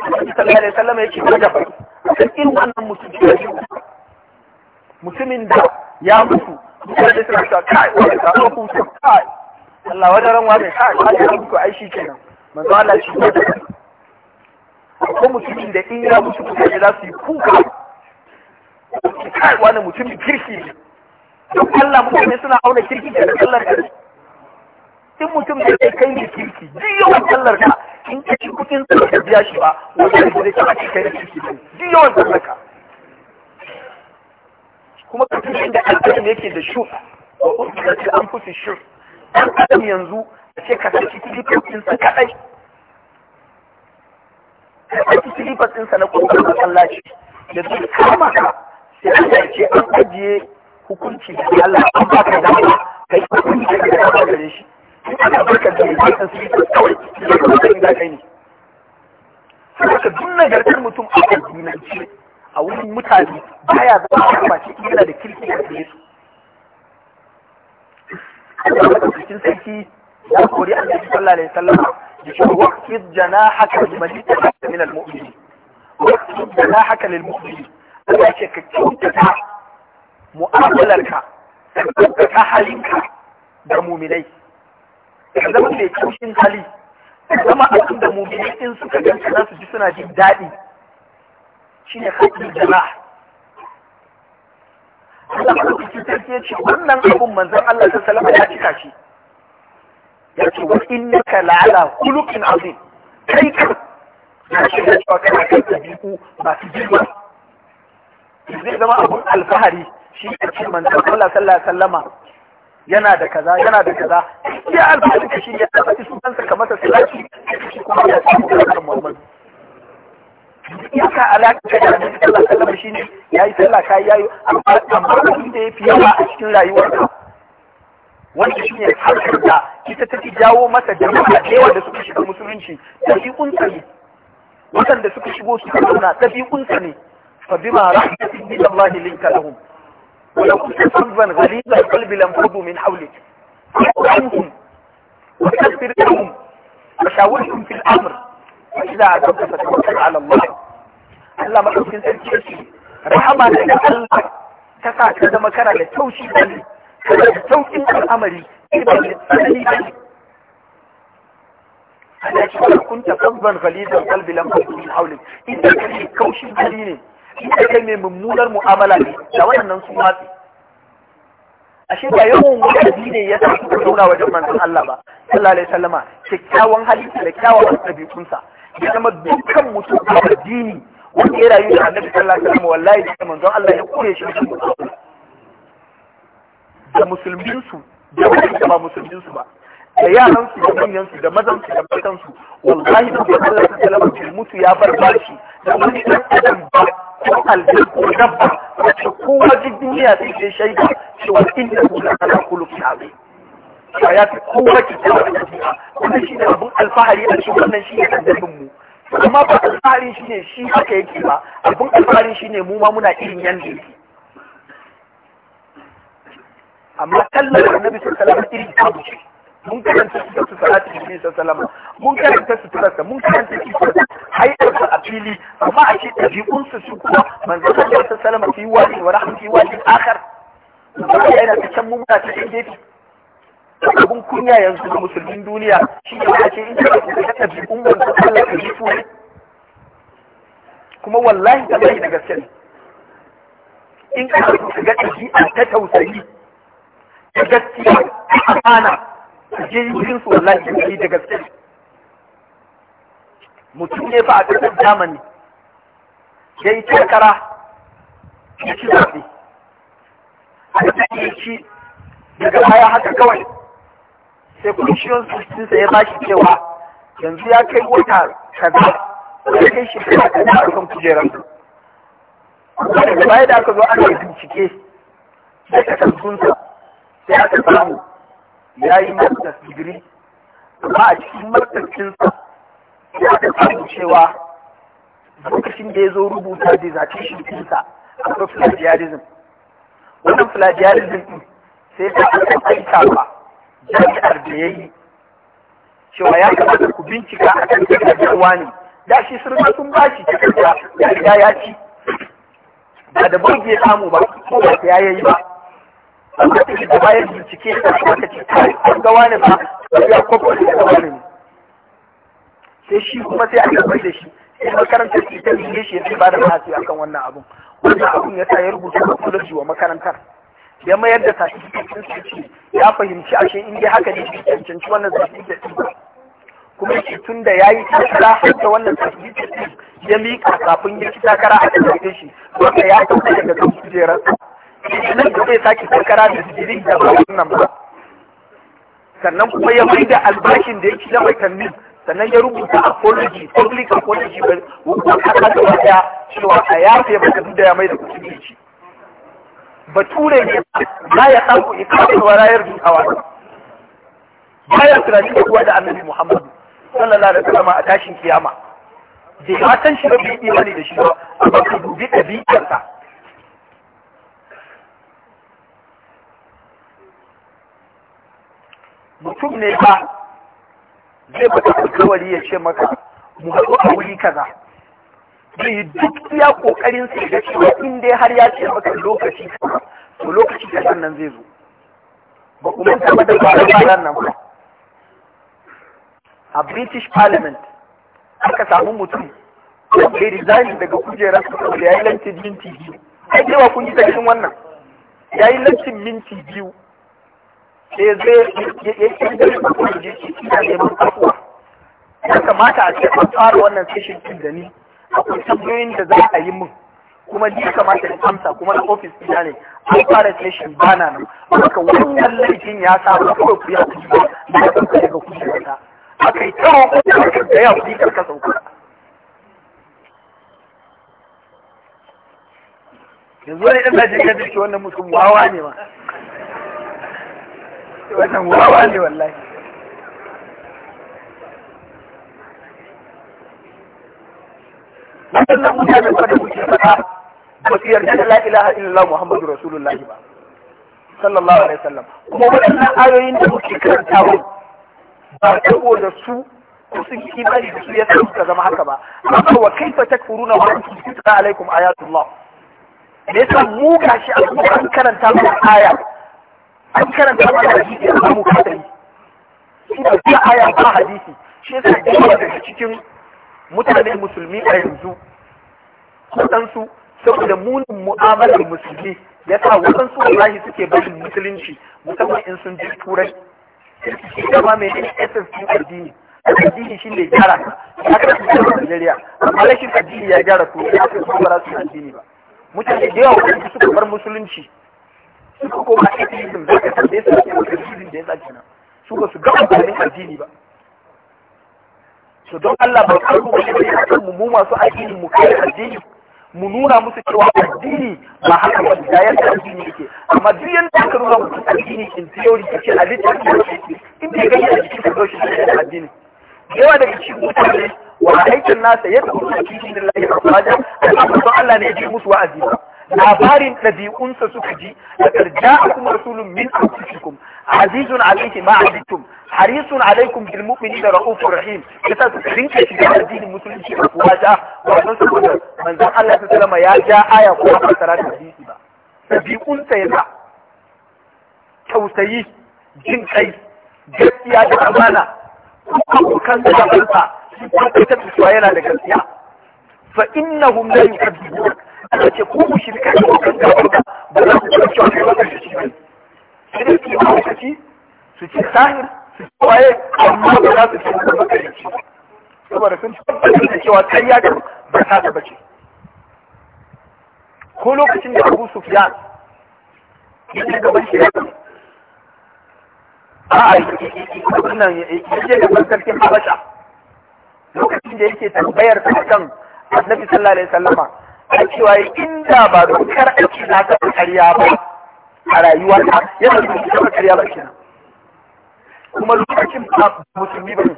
Annabi sallallahu alaihi wasallam yake da faɗi sai in wannan mutumin da mutumin da ya mutu mutane suna ka kai wani sun kai Allah wajen ran wani ka ka ji ku ai shi kenan manzo Allah shi ne ko mutumin da in ya mutu kuka za su yi kuka kai wani da kirki ne don Allah mutane suna auna kirki da sallar da in mutum da kai kai ne kirki duk yawan sallar ka in ka ci kudin sa ka biya shi ba wanda zai kama kai da kirki ne duk yawan sallar ka kuma kafin da alƙalin yake da shu wa umma an fusi shu ɗan adam yanzu a ce ka saki silifas ɗinsa kaɗai ka saki silifas ɗinsa na ƙofar masallaci da zai kama ka sai an ce an ajiye hukunci da Allah an ba ka dama yi hukunci da ka da shi ana barka da yakin su kawai da kuma kai da kai ne ka duk nagartar mutum a addinance a wurin mutane baya zama ba shi yana da kirki da su cikin sarki ya kori annabi sallallahu alaihi wasallam da shi waqfid janahaka liman ittaka min almu'minin waqfid janahaka lilmu'minin Allah ce ka kyautata mu'amalarka ka halinka da muminai ka zama mai kaushin hali ka zama abin da muminai in suka ganka za su ji suna jin daɗi shine haƙƙin jama'a Allah madaukakin sarki ya ce wannan abun manzan Allah sallallahu alaihi ya cika shi ya ce wa innaka la'ala khuluqin azim kai ka na shiga cewa kana kan tabiku masu girma zai zama abun alfahari shi ya ce manzan Allah sallallahu alaihi yana da kaza yana da kaza ya alfahari ka shi ya tabbata sunansa kamar sa salati kuma ya samu kan Muhammad ya ka alaƙa da annabi sallallahu alaihi wasallam shine yayi sallah kai yayi amma abin da yafi yawa a cikin rayuwarka. wanda shine harkar da ita take jawo masa jama'a da da suka shiga musulunci ɗabi'unsa ne waɗanda suka shigo suka zauna ɗabi'unsa ne fa bima rahmatin min Allah linka lahum wa law kunta fadhan ghaliza al-qalbi lam fadu min hawlik fa'fu anhum wa tasbir lahum wa shawirhum fil amr وإذا أدبت فتوكل على الله Allah maɗaukin sarki yake rahama daga Allah ta zama kana da taushi da ne kana da taukin al'amari sai ba da tsanani ba ne ana ce ba kun ta sabban ghalizan qalbi lam min hawli idan kai kaushin hali ne kai mai mummunar mu'amala ne da wannan su matsi ashe ba yawan wani ne ya sa ku zauna wajen manzon Allah ba sallallahu alaihi wasallama kyakkyawan hali da kyawawan ɗabi'unsa ya zama dukkan mutum a addini wanda ya rayu da annabi sallallahu alaihi wasallam wallahi da manzon Allah ya kure shi da musulmin su da wanda ba musulmin su ba da yaran su da manyan su da mazan su da matan su wallahi da Allah sallallahu alaihi wasallam mutu ya bar bashi da wani dan adam ba ko aljan ko dabba ko kowa duniya sai shaida cewa inna lillahi wa inna ilaihi raji'un cewa ya fi kowa ke cewa da jami'a kuma shi ne abin alfahari a cikin wannan shi ne addabin mu amma ba alfaharin shi ne shi haka yake ba abin alfaharin shi ne mu ma muna irin yanda amma kallon annabi sallallahu alaihi wasallam irin abu ce mun karanta su su salatu ibn salama mun karanta su tarasa mun karanta su haidar su a fili amma a ce dabi'un su su kuma manzo sallallahu salama wasallam fi wani wa rahmati wani akhar ba yana ta can mun ta inda abin kunya yanzu ga musulmin duniya shi ne a ce in ka ku kasa bi umman ta Allah ka ji tuni. kuma wallahi ta bai da gaske ne in ka ka ga a ta tausayi ta gaskiya ta amana je je yin su wallahi ta bai da gaske ne mutum ne ba a ƙasar zamani ya yi takara ya ci zaɓe a ta yi ci daga baya haka kawai sai kuma ciwon sassinsa ya ba shi cewa yanzu ya kai wata kaza ya kai shekara kaza a kan kujerar daga baya da aka zo ana bincike da takardunsa sai aka samu ya yi masters digiri amma a cikin martacinsa sai aka samu cewa lokacin da ya zo rubuta shi ɗinsa a kan plagiarism wannan plagiarism ɗin sai ta aka aika ba jami'ar da ya yi cewa ya kamata ku bincika a kan takardar ne da shi sirma sun ba shi takarda ya riga ya ci ba da burge samu ba ko ba ta yayi ba amma take da bayan bincike da aka ce kai an ga wani ba ya kwakwar da wani ne sai shi kuma sai a bar da shi sai makarantar shi ta yi shi ya ba da mahasi akan wannan abun wannan abun ya sa ya rubuta shi wa makarantar ya mayar da satifiket ɗin ya fahimci ashe in dai haka ne bai cancanci wannan zafi da ɗin kuma yake tun da ya yi takara har wannan tasbih da ɗin ya miƙa kafin ya ci takara a cikin shi wanda ya tafi daga kan kujerar nan da zai sake takara da digiri da ba wannan ba sannan kuma ya mai da albashin da ya ci na watanni sannan ya rubuta apology public apology ba wanda aka da wata cewa a yafe ba da ya mai da kuɗi shi. bature ne ba ya tsaku ikafin wa rayar Ba ya tunani da kuwa da annabi Muhammad sallallahu alaihi wasallam a tashin kiyama da ya san shi ba imani da shi ba amma ka dubi ka. mutum ne ba zai bata alkawari ya ce maka mu haɗu a wuri kaza bai duk iya kokarin sai da cewa in dai har ya ce maka lokaci to lokaci ka nan zai zo ba ku manta ba da kwanan nan ba a British Parliament aka samu mutum wanda ya resign daga kujerar saboda ya yi lantin minti biyu ai cewa kun yi sakin wannan ya yi lantin minti biyu sai zai ya yi kyanjar da kuma jiki ya neman afuwa ya kamata a ce an fara wannan Sashen din da ni akwai tambayoyin da za a yi min kuma ni kamata in amsa kuma na ofis ɗina ne an fara session bana nan haka wannan laifin ya sa ba kawai ku ya kuma da ya kuka daga wata. aka yi ta roƙo da ya kuɗi karka sauka yanzu wani ɗan najin ya zirki wannan mutum wawa ne ma wannan wawa ne wallahi waɗannan mutanen ba da kuke faɗa ba su yarda da la ilaha illallah muhammadu rasulullahi ba sallallahu alaihi wasallam kuma waɗannan ayoyin da muke karantawa ba saboda su ko sun yi imani da su ya san suka zama haka ba amma wa kaifa takfuruna wa antum tutla alaikum ayatullah me sa mu gashi a kuma an karanta mu aya an karanta mu hadisi a samu kadari shi da ba aya ba hadisi shi yasa da yawa daga cikin mutanen musulmi a yanzu waɗansu saboda munin mu'amalar musulmi ya sa waɗansu wallahi suke barin musulunci musamman in sun ji turai shi dama mai ne essence ɗin addini addini shi ne gyara ya ka su gyara Najeriya amma rashin addini ya gyara to ya fi su gyara su addini ba mutane da yawa waɗanda suka bar musulunci suka koma atheism da ka tambaye su ake wata da ya sa kenan su ba su ga amfanin addini ba to don Allah ba ka rubuta shi ya mu mu masu addini mu kai addini mu nuna musu cewa addini ba haka ba da yadda addini yake amma duk yadda aka nuna musu addini in theory ka ce abin da yake in da gani a cikin ka shi da addini yawa daga cikin mutane wa aikin nasa yadda kuma a cikin da lafiya rafaja da Allah ne ya ji musu wa'azi ba labarin ɗabi'unsa suka ji da ƙarja kuma rasulun min anfusikum azizun alaihi ma azitum harisun alaikum bil mu'minina raufur rahim yasa su rinke shi addinin musulunci da kuwa ja wannan saboda manzon Allah sallallahu alaihi ya ja aya ko a fasara da hadisi ba tabi'un sa tausayi jin kai gaskiya da amana abokan da kansa sun tabbatar da yana da gaskiya fa innahum la yukadzibu sai dai su yi mahaukaci su ce sahir su ce waye amma ba za su ce wani makarici saboda sun ci tabbatar da cewa karya da ba ta taba ce. ko lokacin da Abu Sufyan ya ce gaban shi ya a'a wannan yake gaban sarkin Habasha lokacin da yake tambayar sa kan Annabi sallallahu alaihi wasallama a cewa inda ba dokar aiki na ta ƙarya ba a rayuwa ta yana da kuma karya ba kenan kuma lokacin ba musulmi ba ne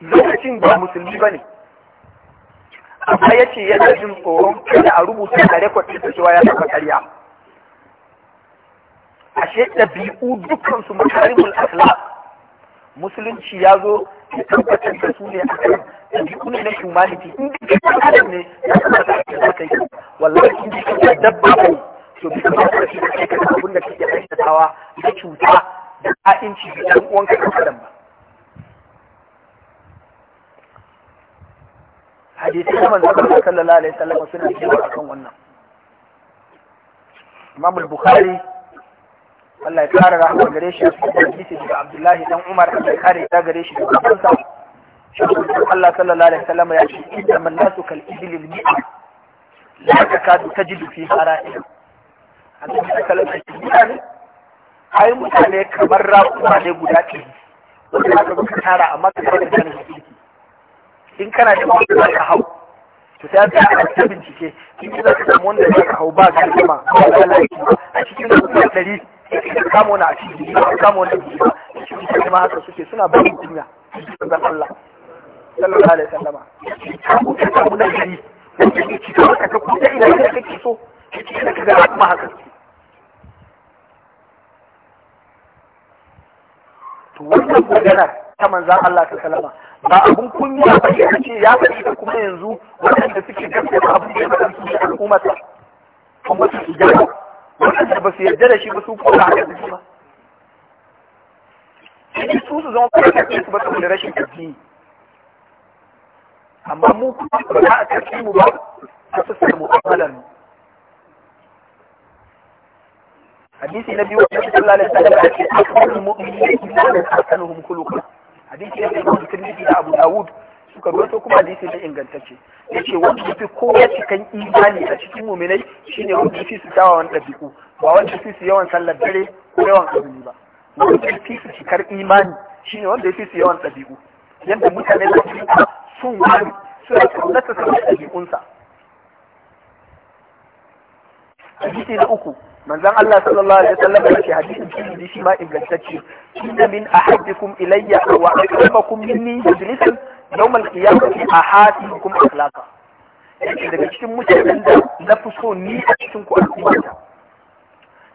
lokacin ba musulmi ba ne amma ya ce yana jin tsoron kada a rubuta a rekod ɗin cewa ya taɓa karya ashe ɗabi'u dukkansu makarimul akhlaq musulunci ya zo ya tabbatar da su ne a kan ɗabi'u na humanity in da ke adam ne ya kamata ka zaka yi wallahi in da dabba ne to bi ka da shi da kan abin da kake aikatawa da cuta da ka'inci da ɗan uwanka ka adam ba hadisi na manzon Allah sallallahu alaihi wasallam suna cewa akan wannan Imam al-Bukhari Allah ya kara rahama gare shi a cikin hadisi daga Abdullahi dan Umar da kare ta gare shi daga kansa shi Allah sallallahu alaihi wasallam ya ce inna man nasu kal ibli al mi'a la takadu tajidu fi hara'i hadisi da shi mutane ai mutane kamar raƙuma ne guda ɗari wanda aka zo ka tara amma ka tara da kanin in kana da wani ka hau to sai ka a ta bincike in za ka samu wanda za ka hau ba ka ba ba a cikin mutum ɗari da kamo na a cikin da kamo na jiki ba ne ma haka suke suna ba mu kunya zan Allah sallallahu alaihi wasallama kamo ta kamo na jiki wanda ke cikin haka ta kuta ina da kake so cikin da kaga kuma haka to wannan maganar ta manzan Allah ta salama ba abun kunya ba ya ce ya faɗi da kuma yanzu waɗanda suke gaske ba abin da ya faɗa su al'ummar kuma su gyara waɗanda ba su yarda da shi ba su kuma haka su ba shi su su zama kuma kafin su ba saboda rashin addini amma mu ba za a karfi mu ba a sassar mu'amalar mu hadisi na biyu wanda sallallahu alaihi wasallam ya ce akwai mu'minin da ke da asanuhum khuluqa hadisi na biyu da Tirmidhi da Abu Dawud suka rubuto kuma hadisi da ingantacce ce wanda fi kowa cikan imani a cikin mu'minai shine wanda fi su wani dabi'u ba wanda fi su yawan sallar dare ko yawan azumi ba wanda fi su cikar imani shine wanda fi su yawan ɗabi'u yadda mutane da su sun wani suna kaunata sa dabi'unsa hadisi na uku manzon Allah sallallahu alaihi wasallam ya ce hadisin shi shi ma ingantacce inna min ahadikum ilayya wa aqrabakum minni majlisan yawm al-qiyamati ahadikum akhlaqa yake daga cikin mutanen da na fi so ni a cikin ku al'ummata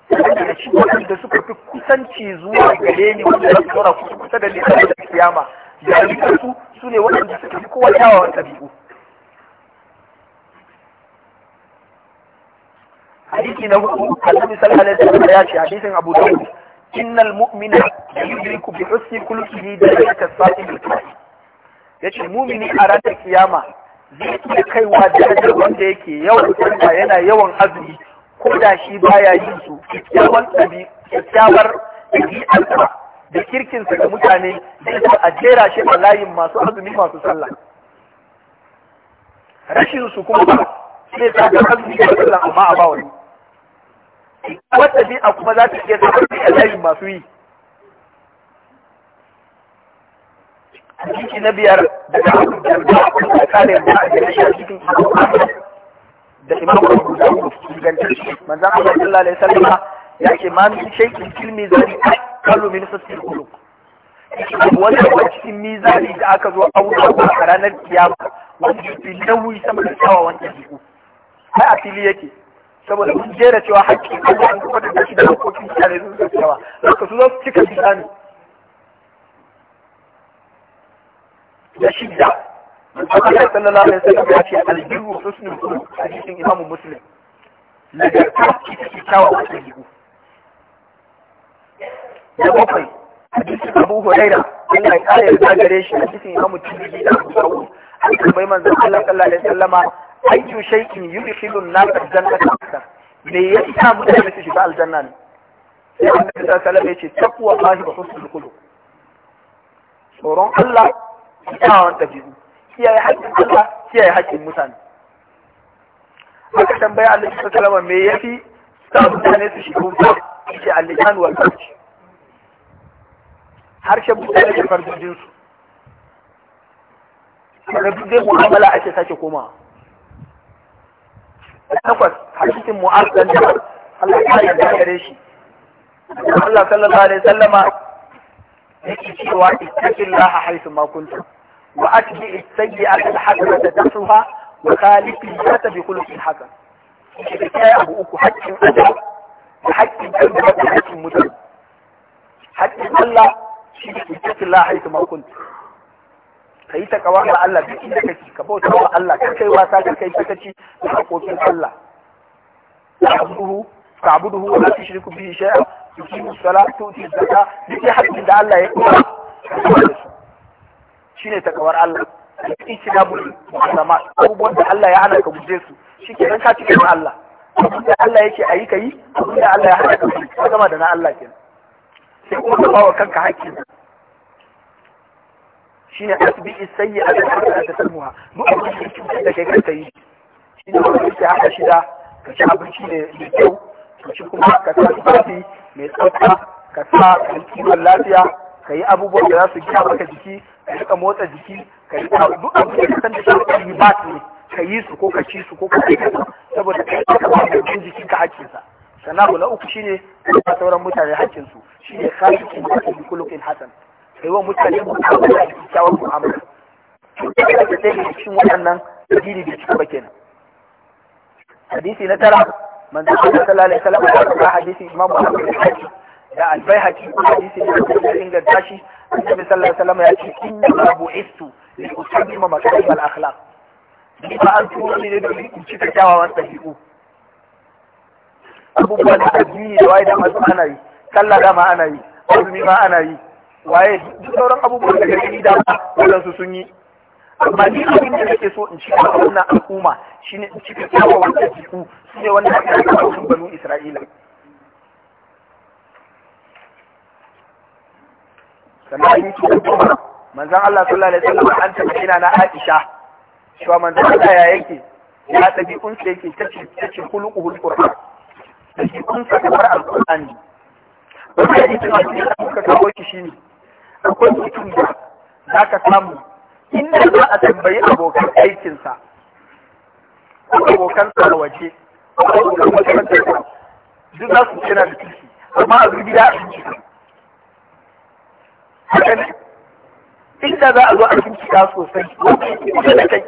da shi waɗanda suka fi kusanci zuwa gare ni wanda za su zauna kusa da ni a cikin kiyama da su su ne waɗanda suka fi kowa kyawawan biyu. hadisi na hudu annabi sallallahu alaihi wasallam ya ce hadisin Abu Dawud innal mu'mina yudriku bi husni kullihi darajata sa'il al-kafi yace mu'mini a ranar kiyama zai iya kaiwa darajar wanda yake yawan tsalla yana yawan azumi ko da shi baya yin su kyakkyawar tabi kyakkyawar ɗabi'arsa da kirkinsa ga mutane zai sa a jera shi a layin masu azumi masu sallah rashin su kuma sai ta ga azumi da sallah amma a ba wani wata a kuma za ta iya zama a layin masu yi hadisi na biyar daga abu da ya kare da a gari a cikin da imam abu da abu gantar shi manzan sallallahu alaihi sallama ya ce ma min shaikin filmi zari kallo min sassin kuluk wanda a cikin mizani da aka zo auna a ranar kiyama wanda fi nauyi sama da kyawawan ɗabi'u sai a fili yake saboda mun jera cewa haƙƙin Allah an kuma da shi da haƙƙoƙin mutane da zuwa cewa haka su zo su cika bisani da shidda Allah sallallahu alaihi sai ya ce albiru husnul khuluq hadisin Imam Muslim nagarta ce take kyawa a ɗabi'u da bakwai hadisin Abu Hurairah Allah ya kare ya gare shi hadisin Imam Tirmidhi da Abu Dawud mai manzo Allah sallallahu alaihi wasallama ayyu shay'in yudkhilu an-nas al-jannata akthar me yasa mutane su shiga aljanna ne sai annabi sallallahu alaihi wasallam yace taqwa Allah wa husnul qulub tsoron Allah ya wanda dabi'u kiyaye haƙƙin Allah kiyaye haƙƙin mutane aka tambaya Allah sallallahu alaihi wasallam me yafi sa mutane su shiga aljanna yace al-lisan wal harshe mutane ke farjin su da duk dai mu'amala ake sake komawa takwas hadisin mu'az dan jabal Allah ya yarda gare shi Allah sallallahu alaihi sallama yake cewa ittaqillaha haythu ma kuntum wa atbi as-sayyi'ata al-hasanata tahsuha wa khaliqi al-jannata bi khuluqin hasan shi kai abu uku haƙƙin Allah da haƙƙin Allah da haƙƙin mutum haƙƙin Allah shi ne ittaqillaha haythu ma kuntum ka yi takawa ga Allah duk inda ci ka bauta wa Allah ka kai wasa ka kai sakaci da hakokin Allah ta'buduhu ta'buduhu wa la tushriku bihi shay'a tuqimu as-salata tu'ti az-zakata duk haƙƙin da Allah ya kula shine takawar Allah ijtinabul muharramat abubuwan da Allah ya hana ka guje su shikenan ka cike da Allah abin da Allah yake ayi yi, abin da Allah ya hana ka gama da na Allah kenan sai kuma ka bawa kanka haƙƙi. shine asbi'i sayyi'atu hatta tasmuha duk abin da yake da kai ka yi shine wanda yake haka shida ka ci abinci mai kyau ka ci kuma ka sa tufafi mai tsafta ka sa kiwon lafiya ka yi abubuwan da za su gina maka jiki ka rika motsa jiki ka yi duk abin da san da shi ba ne ka yi su ko ka ci su ko ka aikata saboda ka yi ka ba da jikin ka hakkinsa sannan abu na uku shine ba sauran mutane hakkinsu shine khaliqin bi kullukin hasan mu ta mutane mu'amala da kyakkyawar mu'amala cutar da ta tsaye cikin waɗannan dalili da cika ba kenan hadisi na tara manzo Allah sallallahu alaihi wasallam ya faɗa hadisi Imam Bukhari da Al-Baihaqi hadisi da ya inganta shi Annabi sallallahu alaihi wasallam ya ce inna ma bu'istu li utammima makarim al-akhlaq ba an tura ne da in cika kyawawan ko. abubuwan da addini da wai da masu ana yi sallah da ma ana yi azumi ma ana yi waye duk sauran abubuwan da gani da wadansu sun yi amma ni abin da nake so in cika a wannan al'umma shine in cika kawo wannan jiku su ne wanda aka yi kawo banu isra'ila sannan an yi da kuma manzan Allah sallallahu alaihi wasallam an taɓa ina na Aisha cewa manzan Allah ya yake ya ɗabi'un sa yake ta ce ta ce hulukuhul Qur'an ɗabi'un sa kamar al Ba wanda ya yi tunanin da kawo shi shine akwai mutum da za ka samu inda za a tambayi abokan aikinsa ko abokan a waje ko abokan ba duk za su yana da ciki amma a gida a su haka ne inda za a zo a cikin bincika sosai ko yake kusa da kai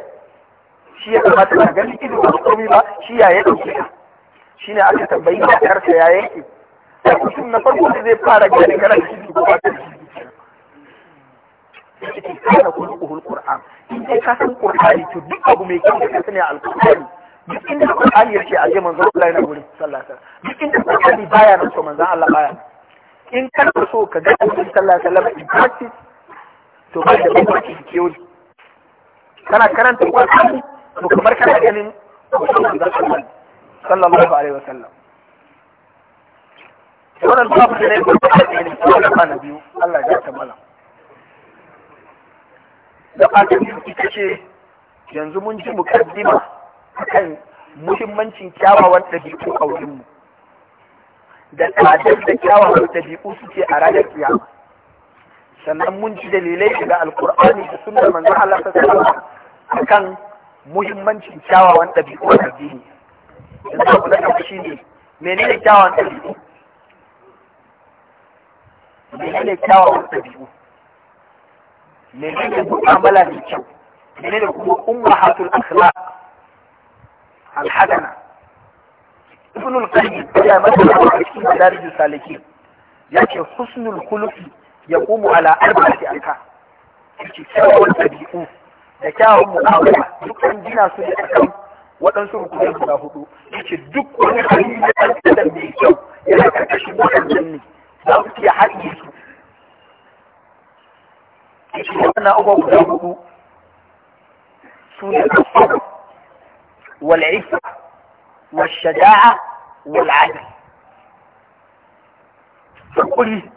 shi ya kamata ka gani ido ba komi ba shi ya yi ɗauki ka shi ne aka tambayi matarsa ya yanke. a kusur na farko zai fara gani kana da shi ko ba ta shi cikin kana kulkuhul qur'an in dai ka san qur'ani to duk abu mai kyau da ka sani alqur'ani duk inda qur'ani yake a je manzo Allah yana gurin sallallahu alaihi wasallam duk inda qur'ani baya nan to manzo Allah baya in kana so ka ga annabi sallallahu alaihi wasallam in practice to kai da bambanci da kiyo kana karanta qur'ani to kamar kana ganin sallallahu alaihi wasallam wannan babu ne ko ta ne ko ta biyu Allah ya ta da fatan ita ce yanzu mun ji mukaddima akan muhimmancin kyawawan ɗabi'u a wurinmu da tsadar da kyawawan ɗabi'u suke a ranar kiyama sannan mun ji dalilai daga alkur'ani da sunnar manzo Allah ta sallama akan muhimmancin kyawawan ɗabi'u a addini yanzu abu ta shi ne menene kyawawan ɗabi'u menene kyawawan ɗabi'u menene mu'amala mai kyau menene kuma ummahatul akhlaq alhadana ibn al-qayyim ya masa a cikin madarij salikin yace husnul khuluqi yaqumu ala arba'ati arkan yace kyawun tabi'u da kyawun mu'amala duk an gina su ne akan waɗansu rukunai guda hudu yace duk wani hali na ɗan adam mai kyau yana karkashin waɗannan ne za su iya haɗe su wannan abubuwan guda hudu su ne wal'ifa wal'ashada'a wal'adi hakuri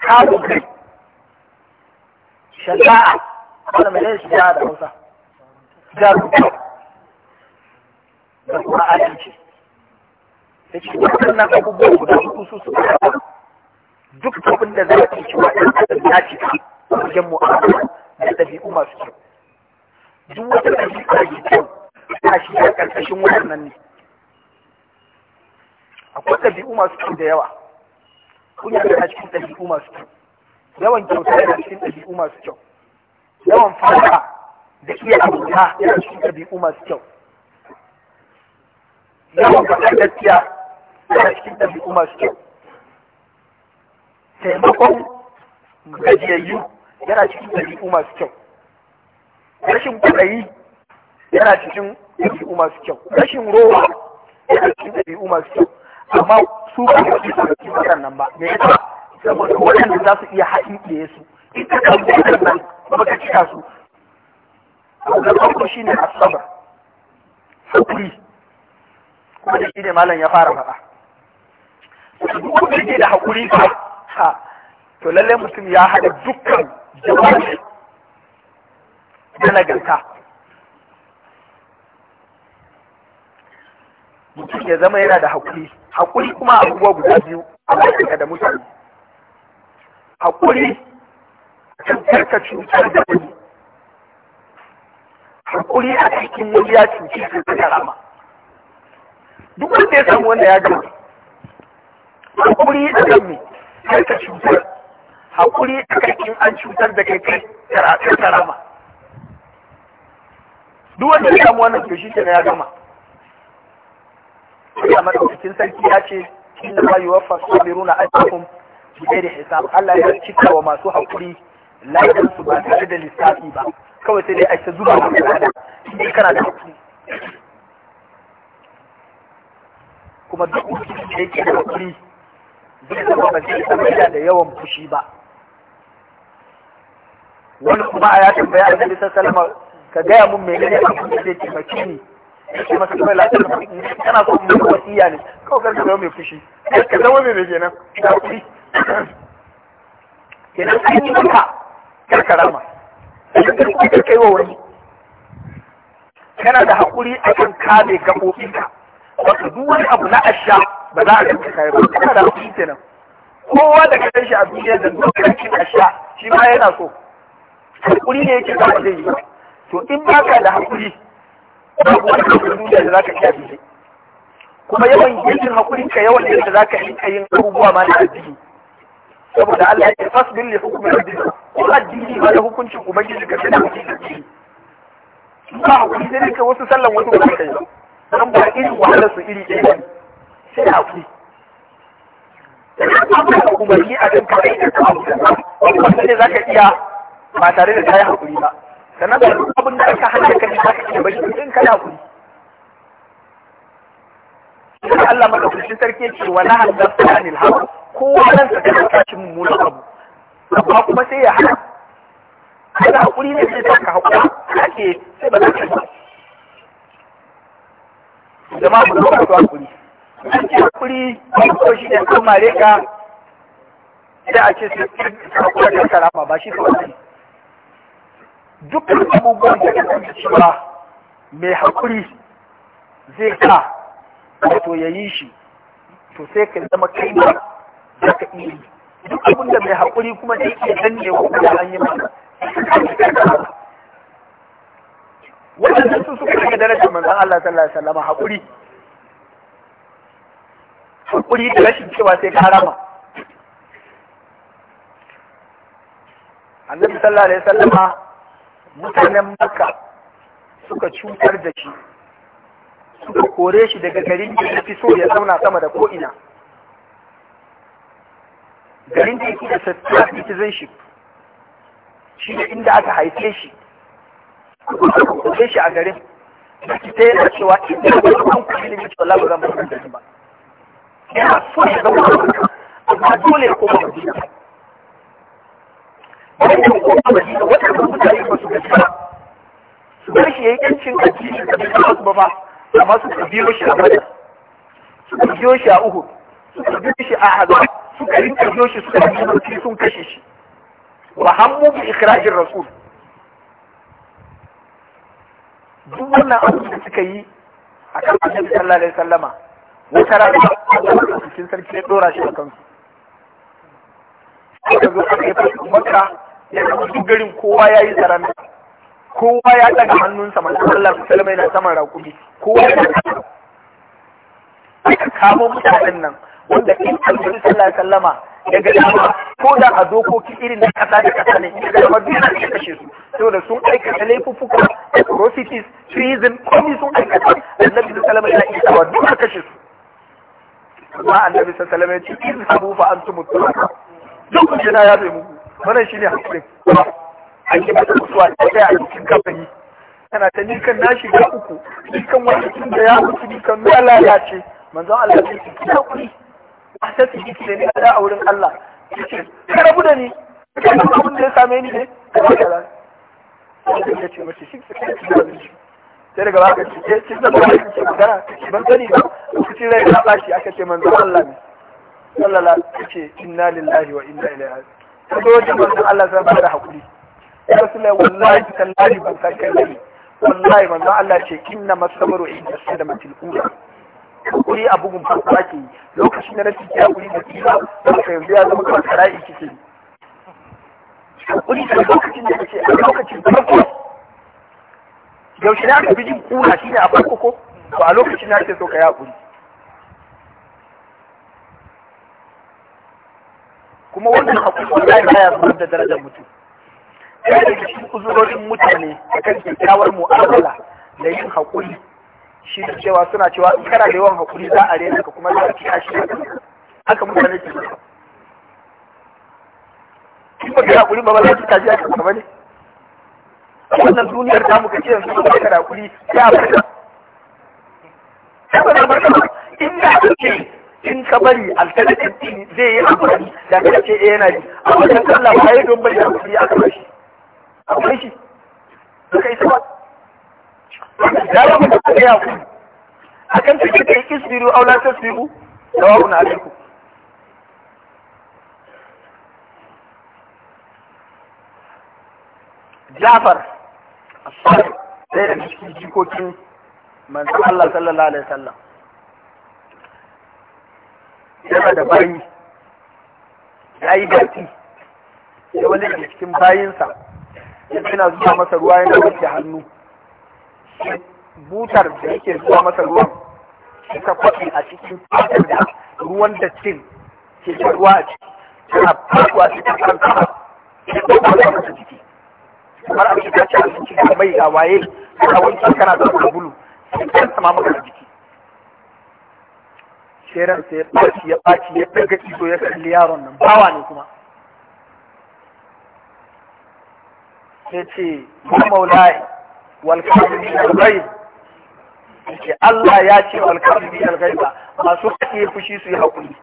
kawo kai shada'a wadda mai laifin da hausa jarumta da kuma adalci da cikin wannan abubuwan guda su su ne duk abin da zai ki cewa ɗan adam ya ce ci wajen mu'amala da ɗabi'u masu kyau duk wata ɗabi'a mai kyau ta shi ya ƙarƙashin waɗannan ne akwai ɗabi'u masu kyau da yawa yi yana cikin ɗabi'u masu kyau yawan kyauta yana cikin ɗabi'u masu kyau yawan fara da iya abuta yana cikin ɗabi'u masu kyau yawan faɗa gaskiya yana cikin ɗabi'u masu kyau taimakon gajiyayyu yana cikin ɗabi'u masu kyau rashin kwaɗayi yana cikin ɗabi'u masu kyau rashin rowa yana cikin ɗabi'u masu kyau amma su ba su ci cikin cikin nan ba me yasa saboda waɗanda za su iya haɗin ɗaya su in ka ɗauki waɗannan ba ka cika su da farko shi ne asabar haƙuri kuma da shi ne malam ya fara faɗa duk wanda ke da haƙuri ba ka to lalle mutum ya haɗa dukkan jawabi da nagarta mutum ya zama yana da haƙuri haƙuri kuma abubuwa guda biyu a bakinka da mutane haƙuri kan karka cutar da wani haƙuri a cikin wani ya cuci su ta karama duk wanda ya samu wanda ya gani haƙuri a kan kai ka cutar hakuri a kai in an cutar da kai kai karatun karama duk wanda ya samu wannan to shi ke ya gama Allah madaukakin sarki ya ce inna ma yuwaffa sabiruna ajrahum bi da hisab Allah ya cika wa masu hakuri lafiyar su ba tare da lissafi ba kawai sai dai a ta zuba maka lada in kana da hakuri kuma duk wanda yake da hakuri zai zama ba zai zama yana da yawan fushi ba wani kuma a ya tambaya a nabi sallama ka gaya mun menene a da zai taimake ni yake masa kawai lafiyar kana so mun wasiya ne kawai kar ka zama mai fushi ka zama mai mai kenan ka kuɗi kenan an yi maka kar ka kai wa wani kana da haƙuri akan kame gaɓoɓinka wato duk wani abu na asha ba za a ɗauki kai ba kana da hakuri kenan kowa da kan shi a duniya da duk da a sha shi ma yana so hakuri ne yake ba zai yi ba to in ba ka da hakuri babu wani kan duniya da za ka iya bi kuma yawan yin hakurin ka yawan yadda ka yi yin abubuwa ma da addini saboda Allah ya fasbil li hukmi rabbika ko addini ba da hukuncin ubangiji ka sai da addini ba hakuri ne ka wasu sallan wasu ba kai dan ba irin wahalar su iri ɗaya ne sai da hakuri abu da umarni a kan kare da ta abu da wanda ne za ka iya ba tare da kayan hakuri ba sannan da duk abin da aka hanyar kan za ka iya bashi in kana hakuri sai Allah madaukakin sarki ce wa la hadda anil hawa kowa nan sa ka tashi mummunan abu amma kuma sai ya hana kada hakuri ne sai ka hakura ake sai ba za ka yi ba jama'a ku zo ka hakuri an ce hakuri ko shi ne ko mare ka idan a ce su kakura da karama ba shi kawai dukkan abubuwan da ka kanta cewa mai hakuri zai ka wato ya yi shi to sai ka zama kai ma za ka iya yi duk abin da mai hakuri kuma zai iya danne wa kuma an yi mana wannan su suka daga darajar manzon Allah sallallahu alaihi wasallam hakuri. hakuri da rashin cewa sai ka rama annabi sallallahu alaihi wasallama mutanen makka suka cutar da shi suka kore shi daga garin da ya fi so ya zauna sama da ko'ina garin da yake da sattar citizenship shi da inda aka haife shi aka kore shi a garin da yi yana cewa inda wani kan kuma ilimin cewa labaran ba ba yana so ya zama amma dole ya koma madina bayan ya koma madina wata ba mutane ba su gaji ba su bar shi ya yi da bai kama su ba ba amma suka biyo shi a madina suka biyo shi a uhud suka biyo shi a hazar suka rinka biyo shi suka yi barci sun kashe shi wa hammu bi ikrajin rasul duk wannan abu da suka yi a kan annabi sallallahu alaihi wasallama wata rana da cikin sarki ya dora shi a kansu aka zo aka yi fasin makka ya zama duk garin kowa ya yi tsaron kowa ya daga hannunsa manzo Allah salamai na saman rakumi kowa ya daga aka kamo mutanen nan wanda in alƙuri sallallahu sallama ya ga dama ko da a dokoki irin na kasa da kasa ne ya ga dama duk ya kashe su saboda sun aikata laifuffuka atrocities treason komai sun aikata annabi da alaihi wasallam ya isa wa duk kashe su ba annabi sallallahu alaihi wasallam in sabu fa an su mutulaka duk kun jina ya zai muku wannan shine hakuri an yi mata mutuwa ta kai a cikin kafani tana ta nikan na ga uku nikan wani cikin da ya mutu nikan na lalace manzon Allah ya ce ki hakuri a ta tsiki ki ne a wurin Allah yace ka rabu da ni ka abin da ya same ni ne ka ba ta ya ce mace shi ka ce ki da sai daga baka ce eh kin san ba ki ce magana ban sani ba cikin rai na bashi aka ce manzon Allah ne Sallala alaihi ce inna lillahi wa inna ilaihi raji'un sai wajen manzon Allah zan bada hakuri ya rasulullahi wallahi tallahi ban san kai ne wallahi manzon Allah ce inna masabaru inda sadamatil ula hakuri a bugun farko ake yi lokacin da na cike hakuri da kila da yanzu ya zama kamar kara'i kike hakuri da lokacin da kake a lokacin farko yaushe na ka bijin kuna shi ne a farko ko ba a lokacin na ce so ka yaƙuri kuma wannan haƙuri wallahi baya zuwa da darajar mutum yi daga cikin uzurorin mutane a kan kyakkyawar mu'amala da yin haƙuri shi da cewa suna cewa in kana da yawan haƙuri za a rena ka kuma za a kiya shi haka mutane ke yi. ba ka haƙuri ba ba za ka kaji a kan ba ne wannan duniyar ta muka ce yanzu kuma kada kuri ya barka da barka in da kake in ka bari alternative din zai yi amfani da kake ce eh yana ji a wajen Allah ba ya don bai da kuri aka bar shi akwai shi kai sama da ba mu da ya kuri akan take kai isbiru aw la tasbiru na alaikum Jafar Affan ɗaya daga cikin jikokin manzon Allah sallallahu alaihi wasallam yana da bayi ya yi daki sai wani daga cikin bayinsa yana zuwa masa ruwa yana wuce hannu butar da yake zuwa masa ruwan ta kwaɗi a cikin fatar da ruwan da cin ke ruwa a ciki tana fasuwa cikin kan kama ya ɗauka masa jiki kamar abin da ce abinci da mai a waye a wanki kana da bulu, sai kan sama maka jiki sheran sai ya ɓaci ya ɓaci ya ɗaga ido ya kalli yaron nan bawa ne kuma sai ce maulai wal kamilin al Allah ya ce wal kamilin al ba, masu kake fushi su yi haƙuri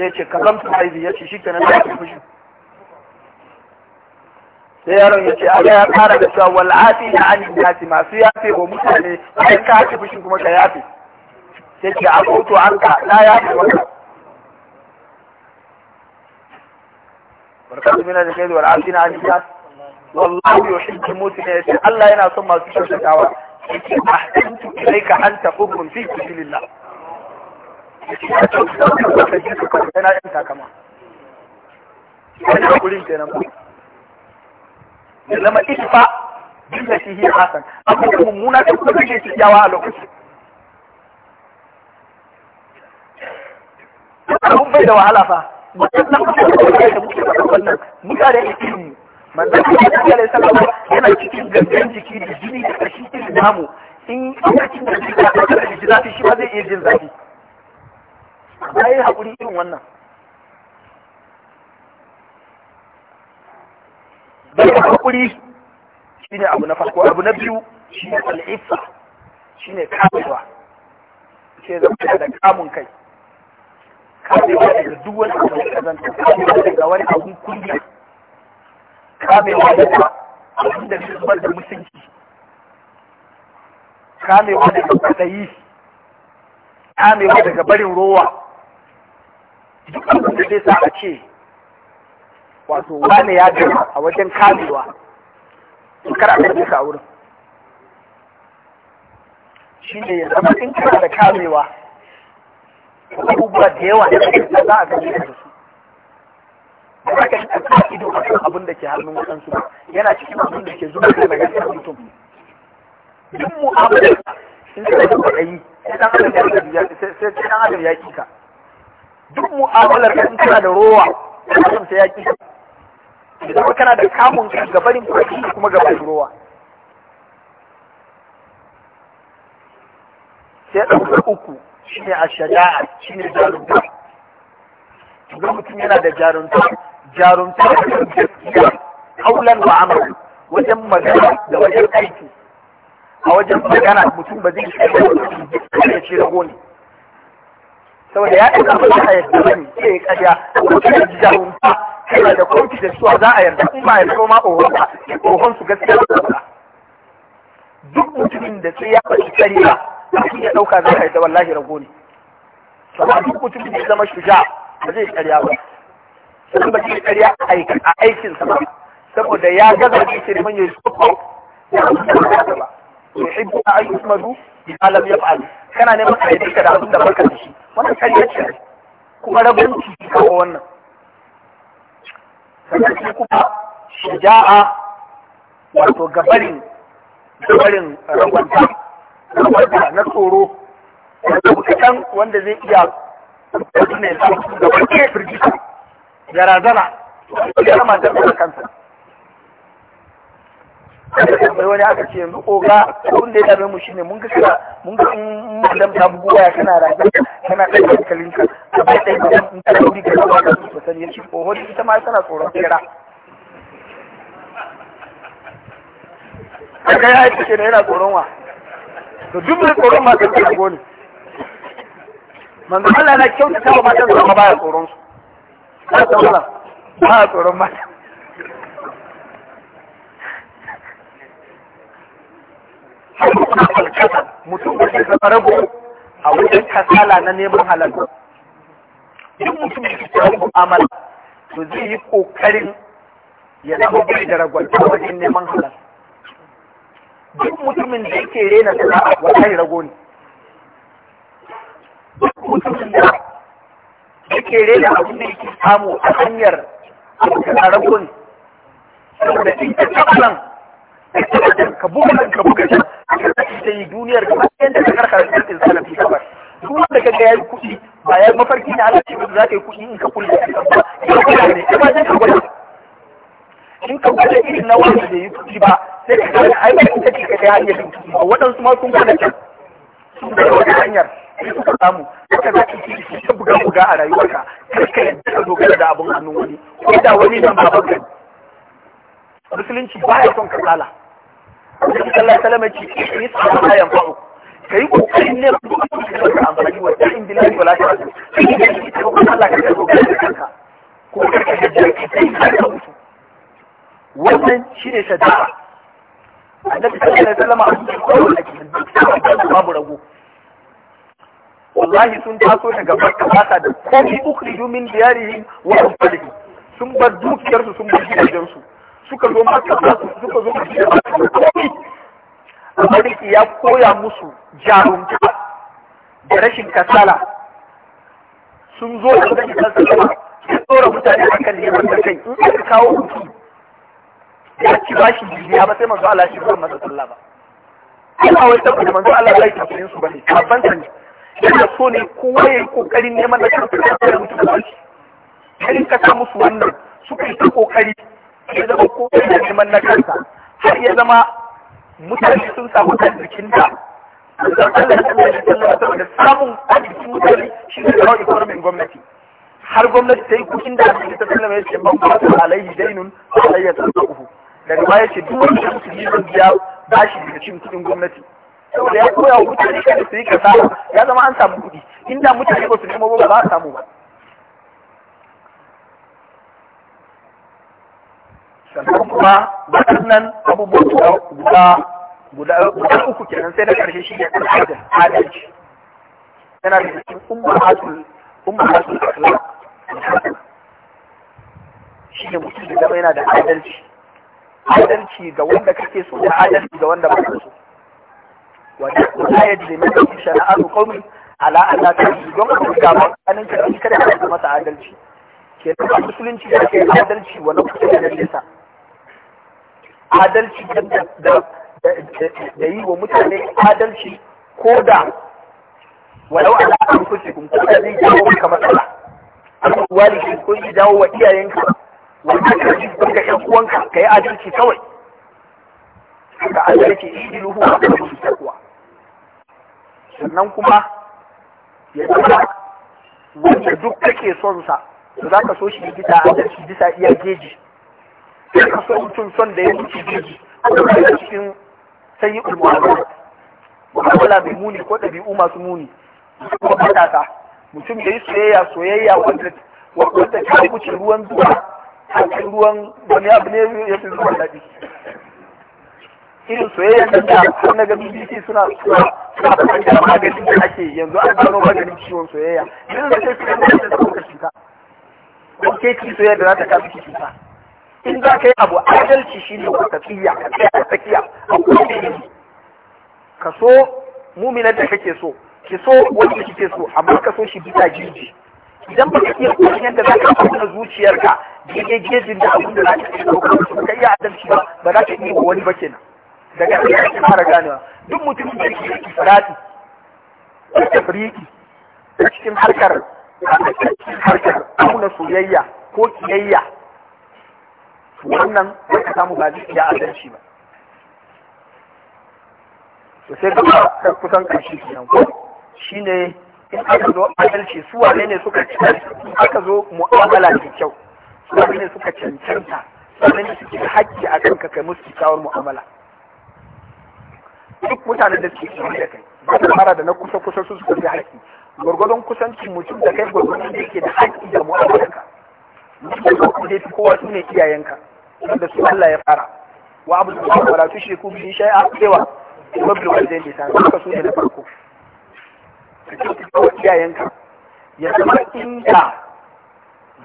sai ce kazan ta haifi ya ce shi kenan da ake fushi sai yaron ya ce aga ya kara da cewa wal afi na an yafi masu yafe wa mutane bayan ka haifi fushi kuma ka yafe sai ce a koto an ka na yafe maka su mina da kai wal afi na an yati wallahi ya ce Allah yana son masu kyautatawa yake ahsantu ilayka anta hubbun fi sabilillah yana takama kenan zama ifa bin da shi hiya hasan abu da mummuna da kuma kake cikiyawa a lokaci abun bai da wahala fa wannan mutane da muke faɗa wannan da ilimi manzon Allah sallama yana cikin gangan jiki da jini da kashi irin namu in lokacin da jiki da kashi zafi shi ma zai iya jin zafi na yi haƙuri irin wannan bai haƙuri shi ne abu na farko abu na biyu shi ne al'isa shi ne kamewa ce zama da kamun kai kamewa daga duk wani abu da kazanta kamewa daga wani abun kunya kamewa daga abin da zai zubar da mutunci kamewa daga kwaɗayi kamewa daga barin rowa duk abin da zai sa a ce wato wane ya gama a wajen kamewa in kar a ɗauke a wurin shi ne ya zama in kana da kamewa abubuwa da yawa da kake za a gani da su ba za ka ido a kan abin da ke hannun waɗansu ba yana cikin abin da ke zuba da daga mutum duk mu'amalar in ka da kwaɗayi sai ɗan adam ya ka duk mu'amalar kan kana da rowa mutum sai ya ki idan kana da kamun barin kuɗi kuma gabanin rowa sai ɗaukar uku shi ne a shaja'a shi ne jarumta idan mutum yana da jarumta jarumta da gaskiya haulan wa amal wajen magana da wajen aiki a wajen magana mutum ba zai shi da shi rago ne saboda ya ɗauka ba za a yarda ba ne sai ya karya ko kuma jarumta kana da kofi da cewa za a yarda kuma ya zama ohon ba ohon su gaskiya ba duk mutumin da sai ya faɗi karya a ya ɗauka za a yarda wallahi rago ne saboda duk mutumin da ya zama shuja ba zai karya ba sun ba zai karya a aikinsa ba saboda ya gaza da yake neman ya yi sokon ya ba a ayyukan Madu, bi alam yaf'al kana neman ka yi da abin da barka da shi wannan karya ce kuma rabin ki kawo wannan sannan shi kuma shaja'a wato gabarin gabarin ragwanta ragwanta na tsoro can wanda zai iya ne da wani firgita da razana da matar da kansa mai wani aka ce yanzu oga abin da ya dame mu shi ne? mun ga kana mun ga in madam ta bugu waya kana rage kana kai hankalin ka a bai dai madam in ta wuri ka zuwa ka su sani ya yace oho ita ma tana tsoron kira kaga ya yi ce yana tsoron wa to duk mai tsoron ma kan tsoron ne manzo Allah na kyautata wa matan sa ba ya tsoron su ba tsoron mata mutum da ke zama rabu a wajen kasala na neman halal duk mutum da ke zama mu'amala to zai yi ƙoƙarin ya zama bai da ragwata wajen neman halal duk mutumin da yake rena sana'a wallahi rago ne duk mutumin da yake rena abin da yake samu a hanyar abokan rago ne saboda in ka ka buga ka buga shi ta yi duniyar ka bayan da ta karkar da insana fi kabar duk wanda kaga yayi kuɗi ba mafarki da Allah ce za ka yi kuɗi in ka kulle a kan ba ka kulle ne kuma sai ka gwada in ka gwada irin na wanda bai yi kuɗi ba sai ka ga ai ba ita ce ka kai hanyar kuɗi ba waɗansu ma sun gwada can sun gwada wata hanyar sai suka samu haka za ka yi ta buga buga a rayuwarka kar ka yadda ka dogara da abin hannun wani ko da wani nan ba ba musulunci ba ya son kasala Annabi sallallahu alaihi wasallam ce yi yan Kai kokarin ne ku ka amfani wa ta'in billahi ka Allah ka Ko ka mutu. Wannan sadaka. a cikin babu wallahi sun taso daga barka baka da kofi ukhriju min diyarihim wa sun bar dukiyarsu sun bar gidajensu suka zo maka suka zo maka Maliki ya koya musu jarumta da rashin kasala sun zo da rashin kasala sun tsora mutane a kan neman da kai in aka kawo mutum ya ci bashi jiniya ba sai manzo Allah shi zuwa masa sallah ba ina wai saboda manzo Allah zai tafiyin su bane kabban sani yana so ne kowa ya yi kokarin neman da kansa da mutum da shi karin kasa musu wannan suka yi ta kokari ya zama ko da neman na kansa har ya zama mutane sun samu arzikin da zan Allah sallallahu alaihi wasallam saboda samun arzikin mutane shi ne kawai ikonomin gwamnati har gwamnati ta yi kuɗin da ake ta sallama ya ce ban kwata alaihi dainun alayya uku. daga baya ce duk wani da mutum zan biya bashi daga cikin kuɗin gwamnati saboda ya koya wa mutane da su yi kasa ya zama an samu kuɗi inda mutane ba su nemo ba ba a samu ba sannan kuma waɗannan abubuwan guda guda guda guda uku kenan sai na ƙarshe shi ne al'adar adalci yana da cikin ummahatul ummahatul akhlaq shi ne mutum da zama yana da adalci adalci ga wanda kake so da adalci ga wanda ba so wala yajriman shana'u qaumin ala Allah ta yi gwamnati ga mutanen ka kada ka masa adalci ke da musulunci da ke adalci wa lokacin da nesa adalci da yi wa mutane adalci ko da walau ala an kuce kun ko zai jawo maka matsala an wali shi ko zai jawo wa iyayenka wanda ka ji kun ga ƴan uwanka kai adalci kawai ka adalci idiluhu wa kabu takwa sannan kuma ya zama wanda duk kake son sa za ka so shi bisa adalci bisa iya geji sai ka so mutum son da ya wuce jirgi a cikin sanyi ulmuwa mu'amala mai muni ko ɗabi'u masu muni ko faɗaɗa mutum ya yi soyayya soyayya wanda wanda ta wuce ruwan zuwa a cikin ruwan wani abu ne ya fi zuwa daɗi irin soyayya da ta har na ga BBC suna suna suna fahimtar maganin da ake yanzu an gano maganin ciwon soyayya irin da sai su yi da suka cuta ko ke ci soyayya da za ta kasu cuta in za ka yi abu adalci shi ne wata tafiya, ka tsaya a tsakiya a ka so muminar da kake so ki so wanda kike so amma ka so shi bisa jirgi idan ba ka iya koyon yadda za ka auna zuciyarka daidai gejin da abin da za ka iya ɗauka ba ka iya adalci ba ba za ka iya wa wani ba kenan daga iya ka fara ganewa duk mutum da ke yi farati ta tafriki a cikin harkar harkar na soyayya ko kiyayya wannan sai ka samu ba zai iya adalci ba to sai gaba ta kusan karshe nan ko ne in aka zo adalci su wane ne suka in aka zo mu'amala da kyau su wane ne suka cancanta wane ne suke hakki a kanka kai musu kyakkyawar mu'amala duk mutane da suke tare da kai ba ta fara da na kusa kusa su suka fi hakki gwargwadon kusancin mutum da kai gwargwadon da yake da hakki da mu'amalarka mutum da kuma kowa su ne iyayenka wanda su Allah ya fara wa abu da kuma wala ku bi a cewa kuma bil walidaini ta suka su ne na farko kyautata iyayenka ya zama inda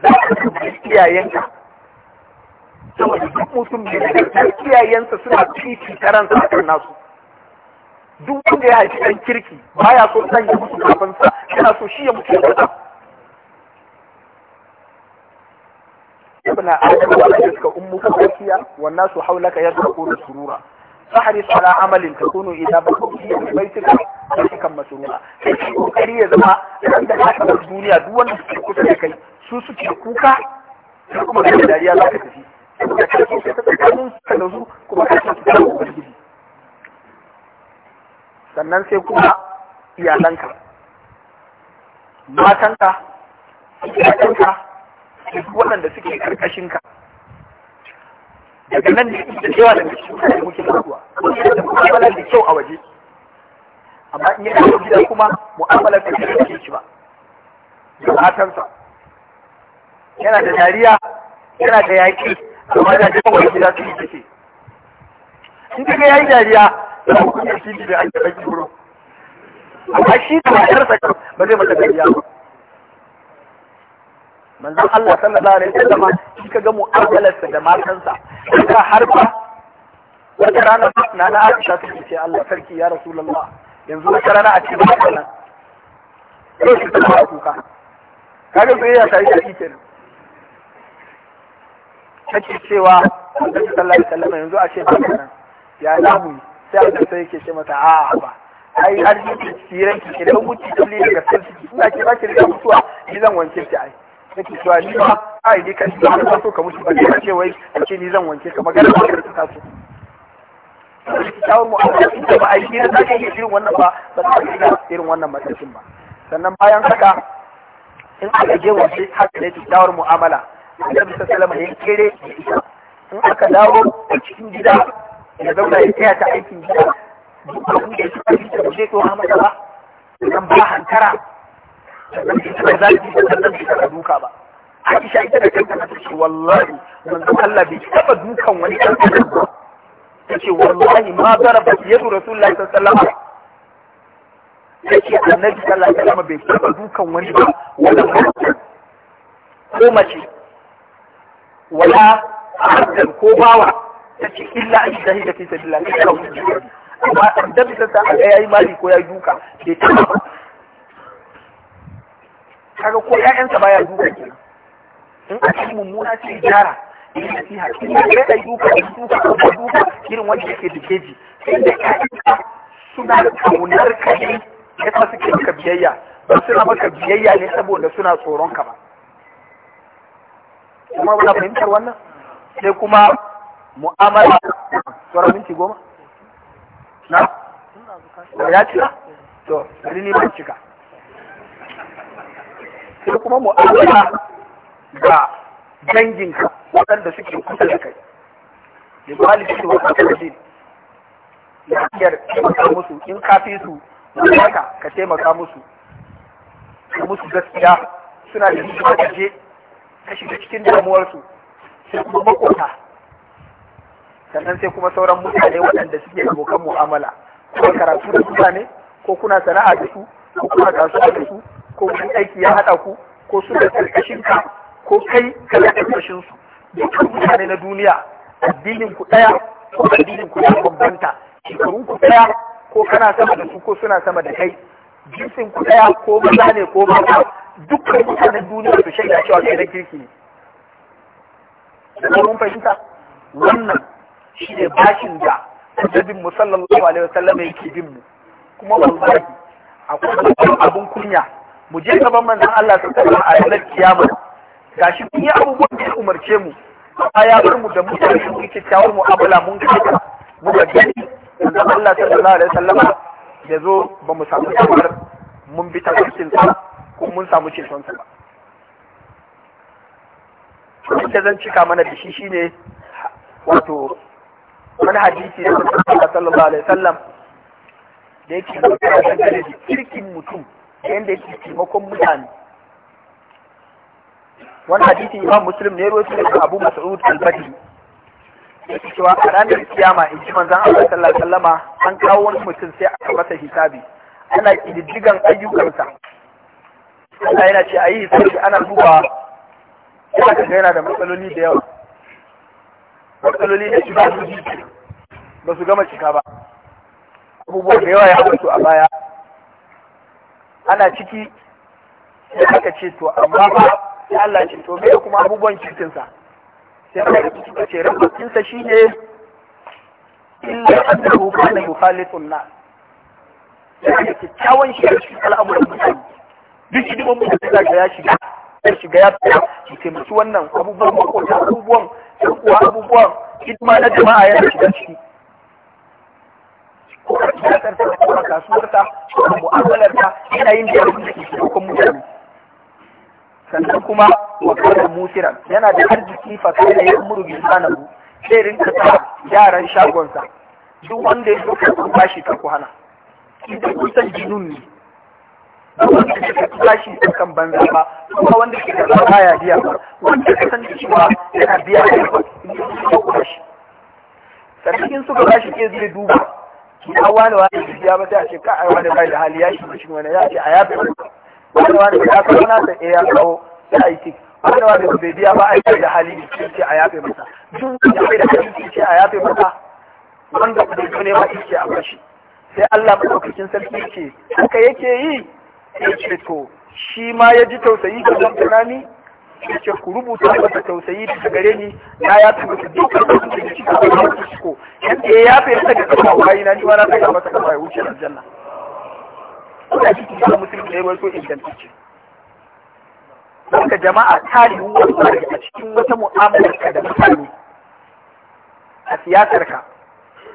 za ka tambayi iyayenka saboda duk mutum ne da iyayensa suna titi ta a kan nasu duk wanda ya haifi ɗan kirki baya so san ya mutu sa yana so shi ya mutu ya ابن آدم وأجدك أمك بكيا والناس حولك يضحكون سرورا فاحرص على عمل تكون إذا بكت في بيتك فيك مسرورا kokari ya zama idan da ka duniya duk wanda suke kusa da kai su kuka kuma dariya kuma ubangiji sannan sai kuma iyalanka matanka iyalanka da duk waɗanda suke ƙarƙashin ka daga nan da da daga cikin mutane muke mutuwa wani da mu'amala da kyau a waje amma in yana da gida kuma mu'amalar da kyau da shi ba da matansa yana da dariya yana da yaƙi amma da jikin wani gida su yi jike in ka ga yayi dariya da hukunci shi ne da ake baki buru amma shi da matarsa ba zai mata dariya ba manzo Allah sallallahu alaihi wasallam shi kaga mu'amalarsa da matansa ka harba wata rana na na Aisha ta ce Allah sarki ya Rasulullah yanzu wata rana a cikin wannan ko shi ta kuka kaga soyayya ta yi shi kenan kake cewa sallallahu alaihi wasallam yanzu a ce ba nan ya namu sai Allah sai yake ce mata a'a ba ai har yi tsiran ki idan mutu dalilin da sarki ina ki ba ki da mutuwa ni zan wanke ki ai nake cewa ni ma ai ni kan ka so ka mutu ba ka ce wai ce ni zan wanke ka magana ba ka taso kyawun mu'amala da ba a yi na zaka yi irin wannan ba ba za ka yi irin wannan matakin ba sannan bayan haka in aka je wace haka ne kyawun mu'amala annabi sallallahu alaihi ya kere in aka dawo a cikin gida ya zauna ya tsaya ta aikin gida duk abin da ya ci abin da zai tsoha masa ba sannan ba hankara da zaki da sannan bai duka ba Aisha ita da kanta ta ce wallahi manzo Allah bai taɓa dukan wani ɗan ba ta ce wallahi ma zaraba yadu rasulullahi sallallahu alaihi wasallam ya annabi sallallahu alaihi wasallam bai taɓa dukan wani ba wala ko mace wala abdan ko bawa ta ce illa an shahida fi sabilillah ta amma annabi sallallahu alaihi wasallam ya yi mali ko ya yi duka bai ba. kaga ko ƴaƴansa baya duka kenan in aka yi mummuna sai gyara yi nasiha in da kai dai duka duka duka duka irin wanda yake da keji sai da ƴaƴansa suna da kaunar kai ya yasa suke maka biyayya ba suna maka biyayya ne saboda suna tsoron ka ba kuma muna fahimtar wannan sai kuma mu'amala tsoron minti goma na ya cika to ni ban cika sai kuma mu'amala ga danginka waɗanda suke kusa da kai limali su wa kasashe ya hanyar taimaka musu in ka fi su haka ka taimaka musu ka musu gaskiya suna da hikima da je ka shiga cikin damuwarsu sai kuma makota sannan sai kuma sauran mutane waɗanda suke abokan mu'amala ko karatu da mutane ko kuna sana'a da su ko kuna kasuwa da su ko wani aiki ya haɗa ku ko su da ƙarƙashin ka ko kai ka da ƙarƙashin su dukkan mutane na duniya addinin ku ɗaya ko addinin ku ya bambanta shekarun ku ɗaya ko kana sama da su ko suna sama da kai jinsin ku ɗaya ko maza ne ko mata dukkan mutanen duniya su shaida cewa kai na kirki ne Shekarun fahimta wannan shi ne bashin da annabin mu sallallahu alaihi wasallam yake bin mu kuma wallahi akwai abun kunya mu je gaban manzon Allah ta kalla a ranar kiyama gashi kun yi abubuwan da ya umarce mu a ya bar mu da mutane mu yi kyakkyawar mu'amala mun mu ga gani manzon Allah sallallahu alaihi wasallam ya zo ba mu samu kamar mun bi tafarkin sa ko mun samu ceton sa ba abin da zan cika mana da shi shine wato wani hadisi da sallallahu alaihi wasallam da yake da kirkin mutum da yadda yake taimakon mutane wani hadisi imam muslim ne rotu daga abu mas'ud al-badri yake cewa a ranar kiyama in ji manzon Allah sallallahu alaihi an kawo wani mutum sai aka masa hisabi ana kididdigan ayyukansa Allah yana ce ayi hisabi ana duba yana kaga yana da matsaloli da yawa matsaloli da shi ba su ba su gama cika ba abubuwa da yawa ya haɗu a baya ana ciki sai aka ce to amma ba sai Allah ce to me kuma abubuwan cikin sa sai aka suka ce rabbatin sa shine illa annahu kana yukhalitun na sai aka ce kyawun shi a cikin al'amuran mutane duk hidiman mutane da ka ya shiga sai shiga ya fita ki taimaki wannan abubuwan makota abubuwan yan uwa abubuwan hidima na jama'a yana shiga ciki ko a ta ko a kasuwar ta ko a mu'amalar ta yanayin da ya rubuta ke shugaban mutane sannan kuma wa kana musiran yana da arziki fa kana ya umuru bi sanahu sai rinka ta yaran shagonsa duk wanda ya zo ka bashi ta ku hana idan kusan jinun ne wanda ke tashi a kan banza ba kuma wanda ke karɓar baya biya ba wanda ka san cewa yana biya ba in suka bashi sarkin suka bashi ke zai duba an wani wani biya ba sai ce ka ai wani bai da hali ya shi shi wani ya ce a yafe wani wani ya kawo nasa eh ya kawo sai a yi tik wani wani bai biya ba ai bai da hali ce a yafe masa duk da bai da hali ce a yafe masa wanda bai zo ne ma ce a bashi sai Allah madaukakin sarki ce haka yake yi ya ce to shi ma ya ji tausayi ga zamtana ni ya ce ku rubuta masa tausayi daga gare ni na ya tuba su dukkan wasu da cikin abin da su yadda ya yafe ya saka kafa wayi na ni ma na saka masa kafa ya wuce aljanna kuma shi ke da musulmi da ya wato ingantacce Saka jama'a tarihin wasu a cikin wata mu'amalarka da mutane a siyasarka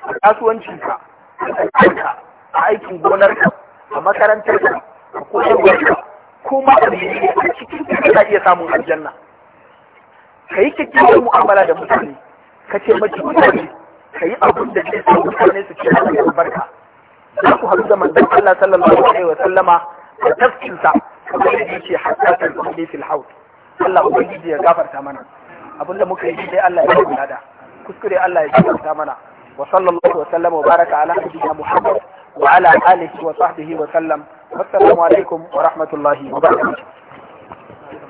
a kasuwancinka a aikin gonarka a makarantarka a koyarwarka ko ma alheri a cikin ka kana iya samun aljanna ka yi kyakkyawar mu'amala da mutane ka ce mace mutane ka yi abin da ke sa mutane su ce Allah ya barka za ku haɗu da manzon Allah sallallahu alaihi wa sallama da tafkinsa kamar yadda yake hatta ta kulli fil haut Allah ubangiji ya gafarta mana abin da muka yi sai Allah ya yi lada kuskure Allah ya gafarta mana wa sallallahu wa sallama wa baraka ala nabiyyina Muhammad وعلى آله وصحبه وسلم والسلام عليكم ورحمة الله وبركاته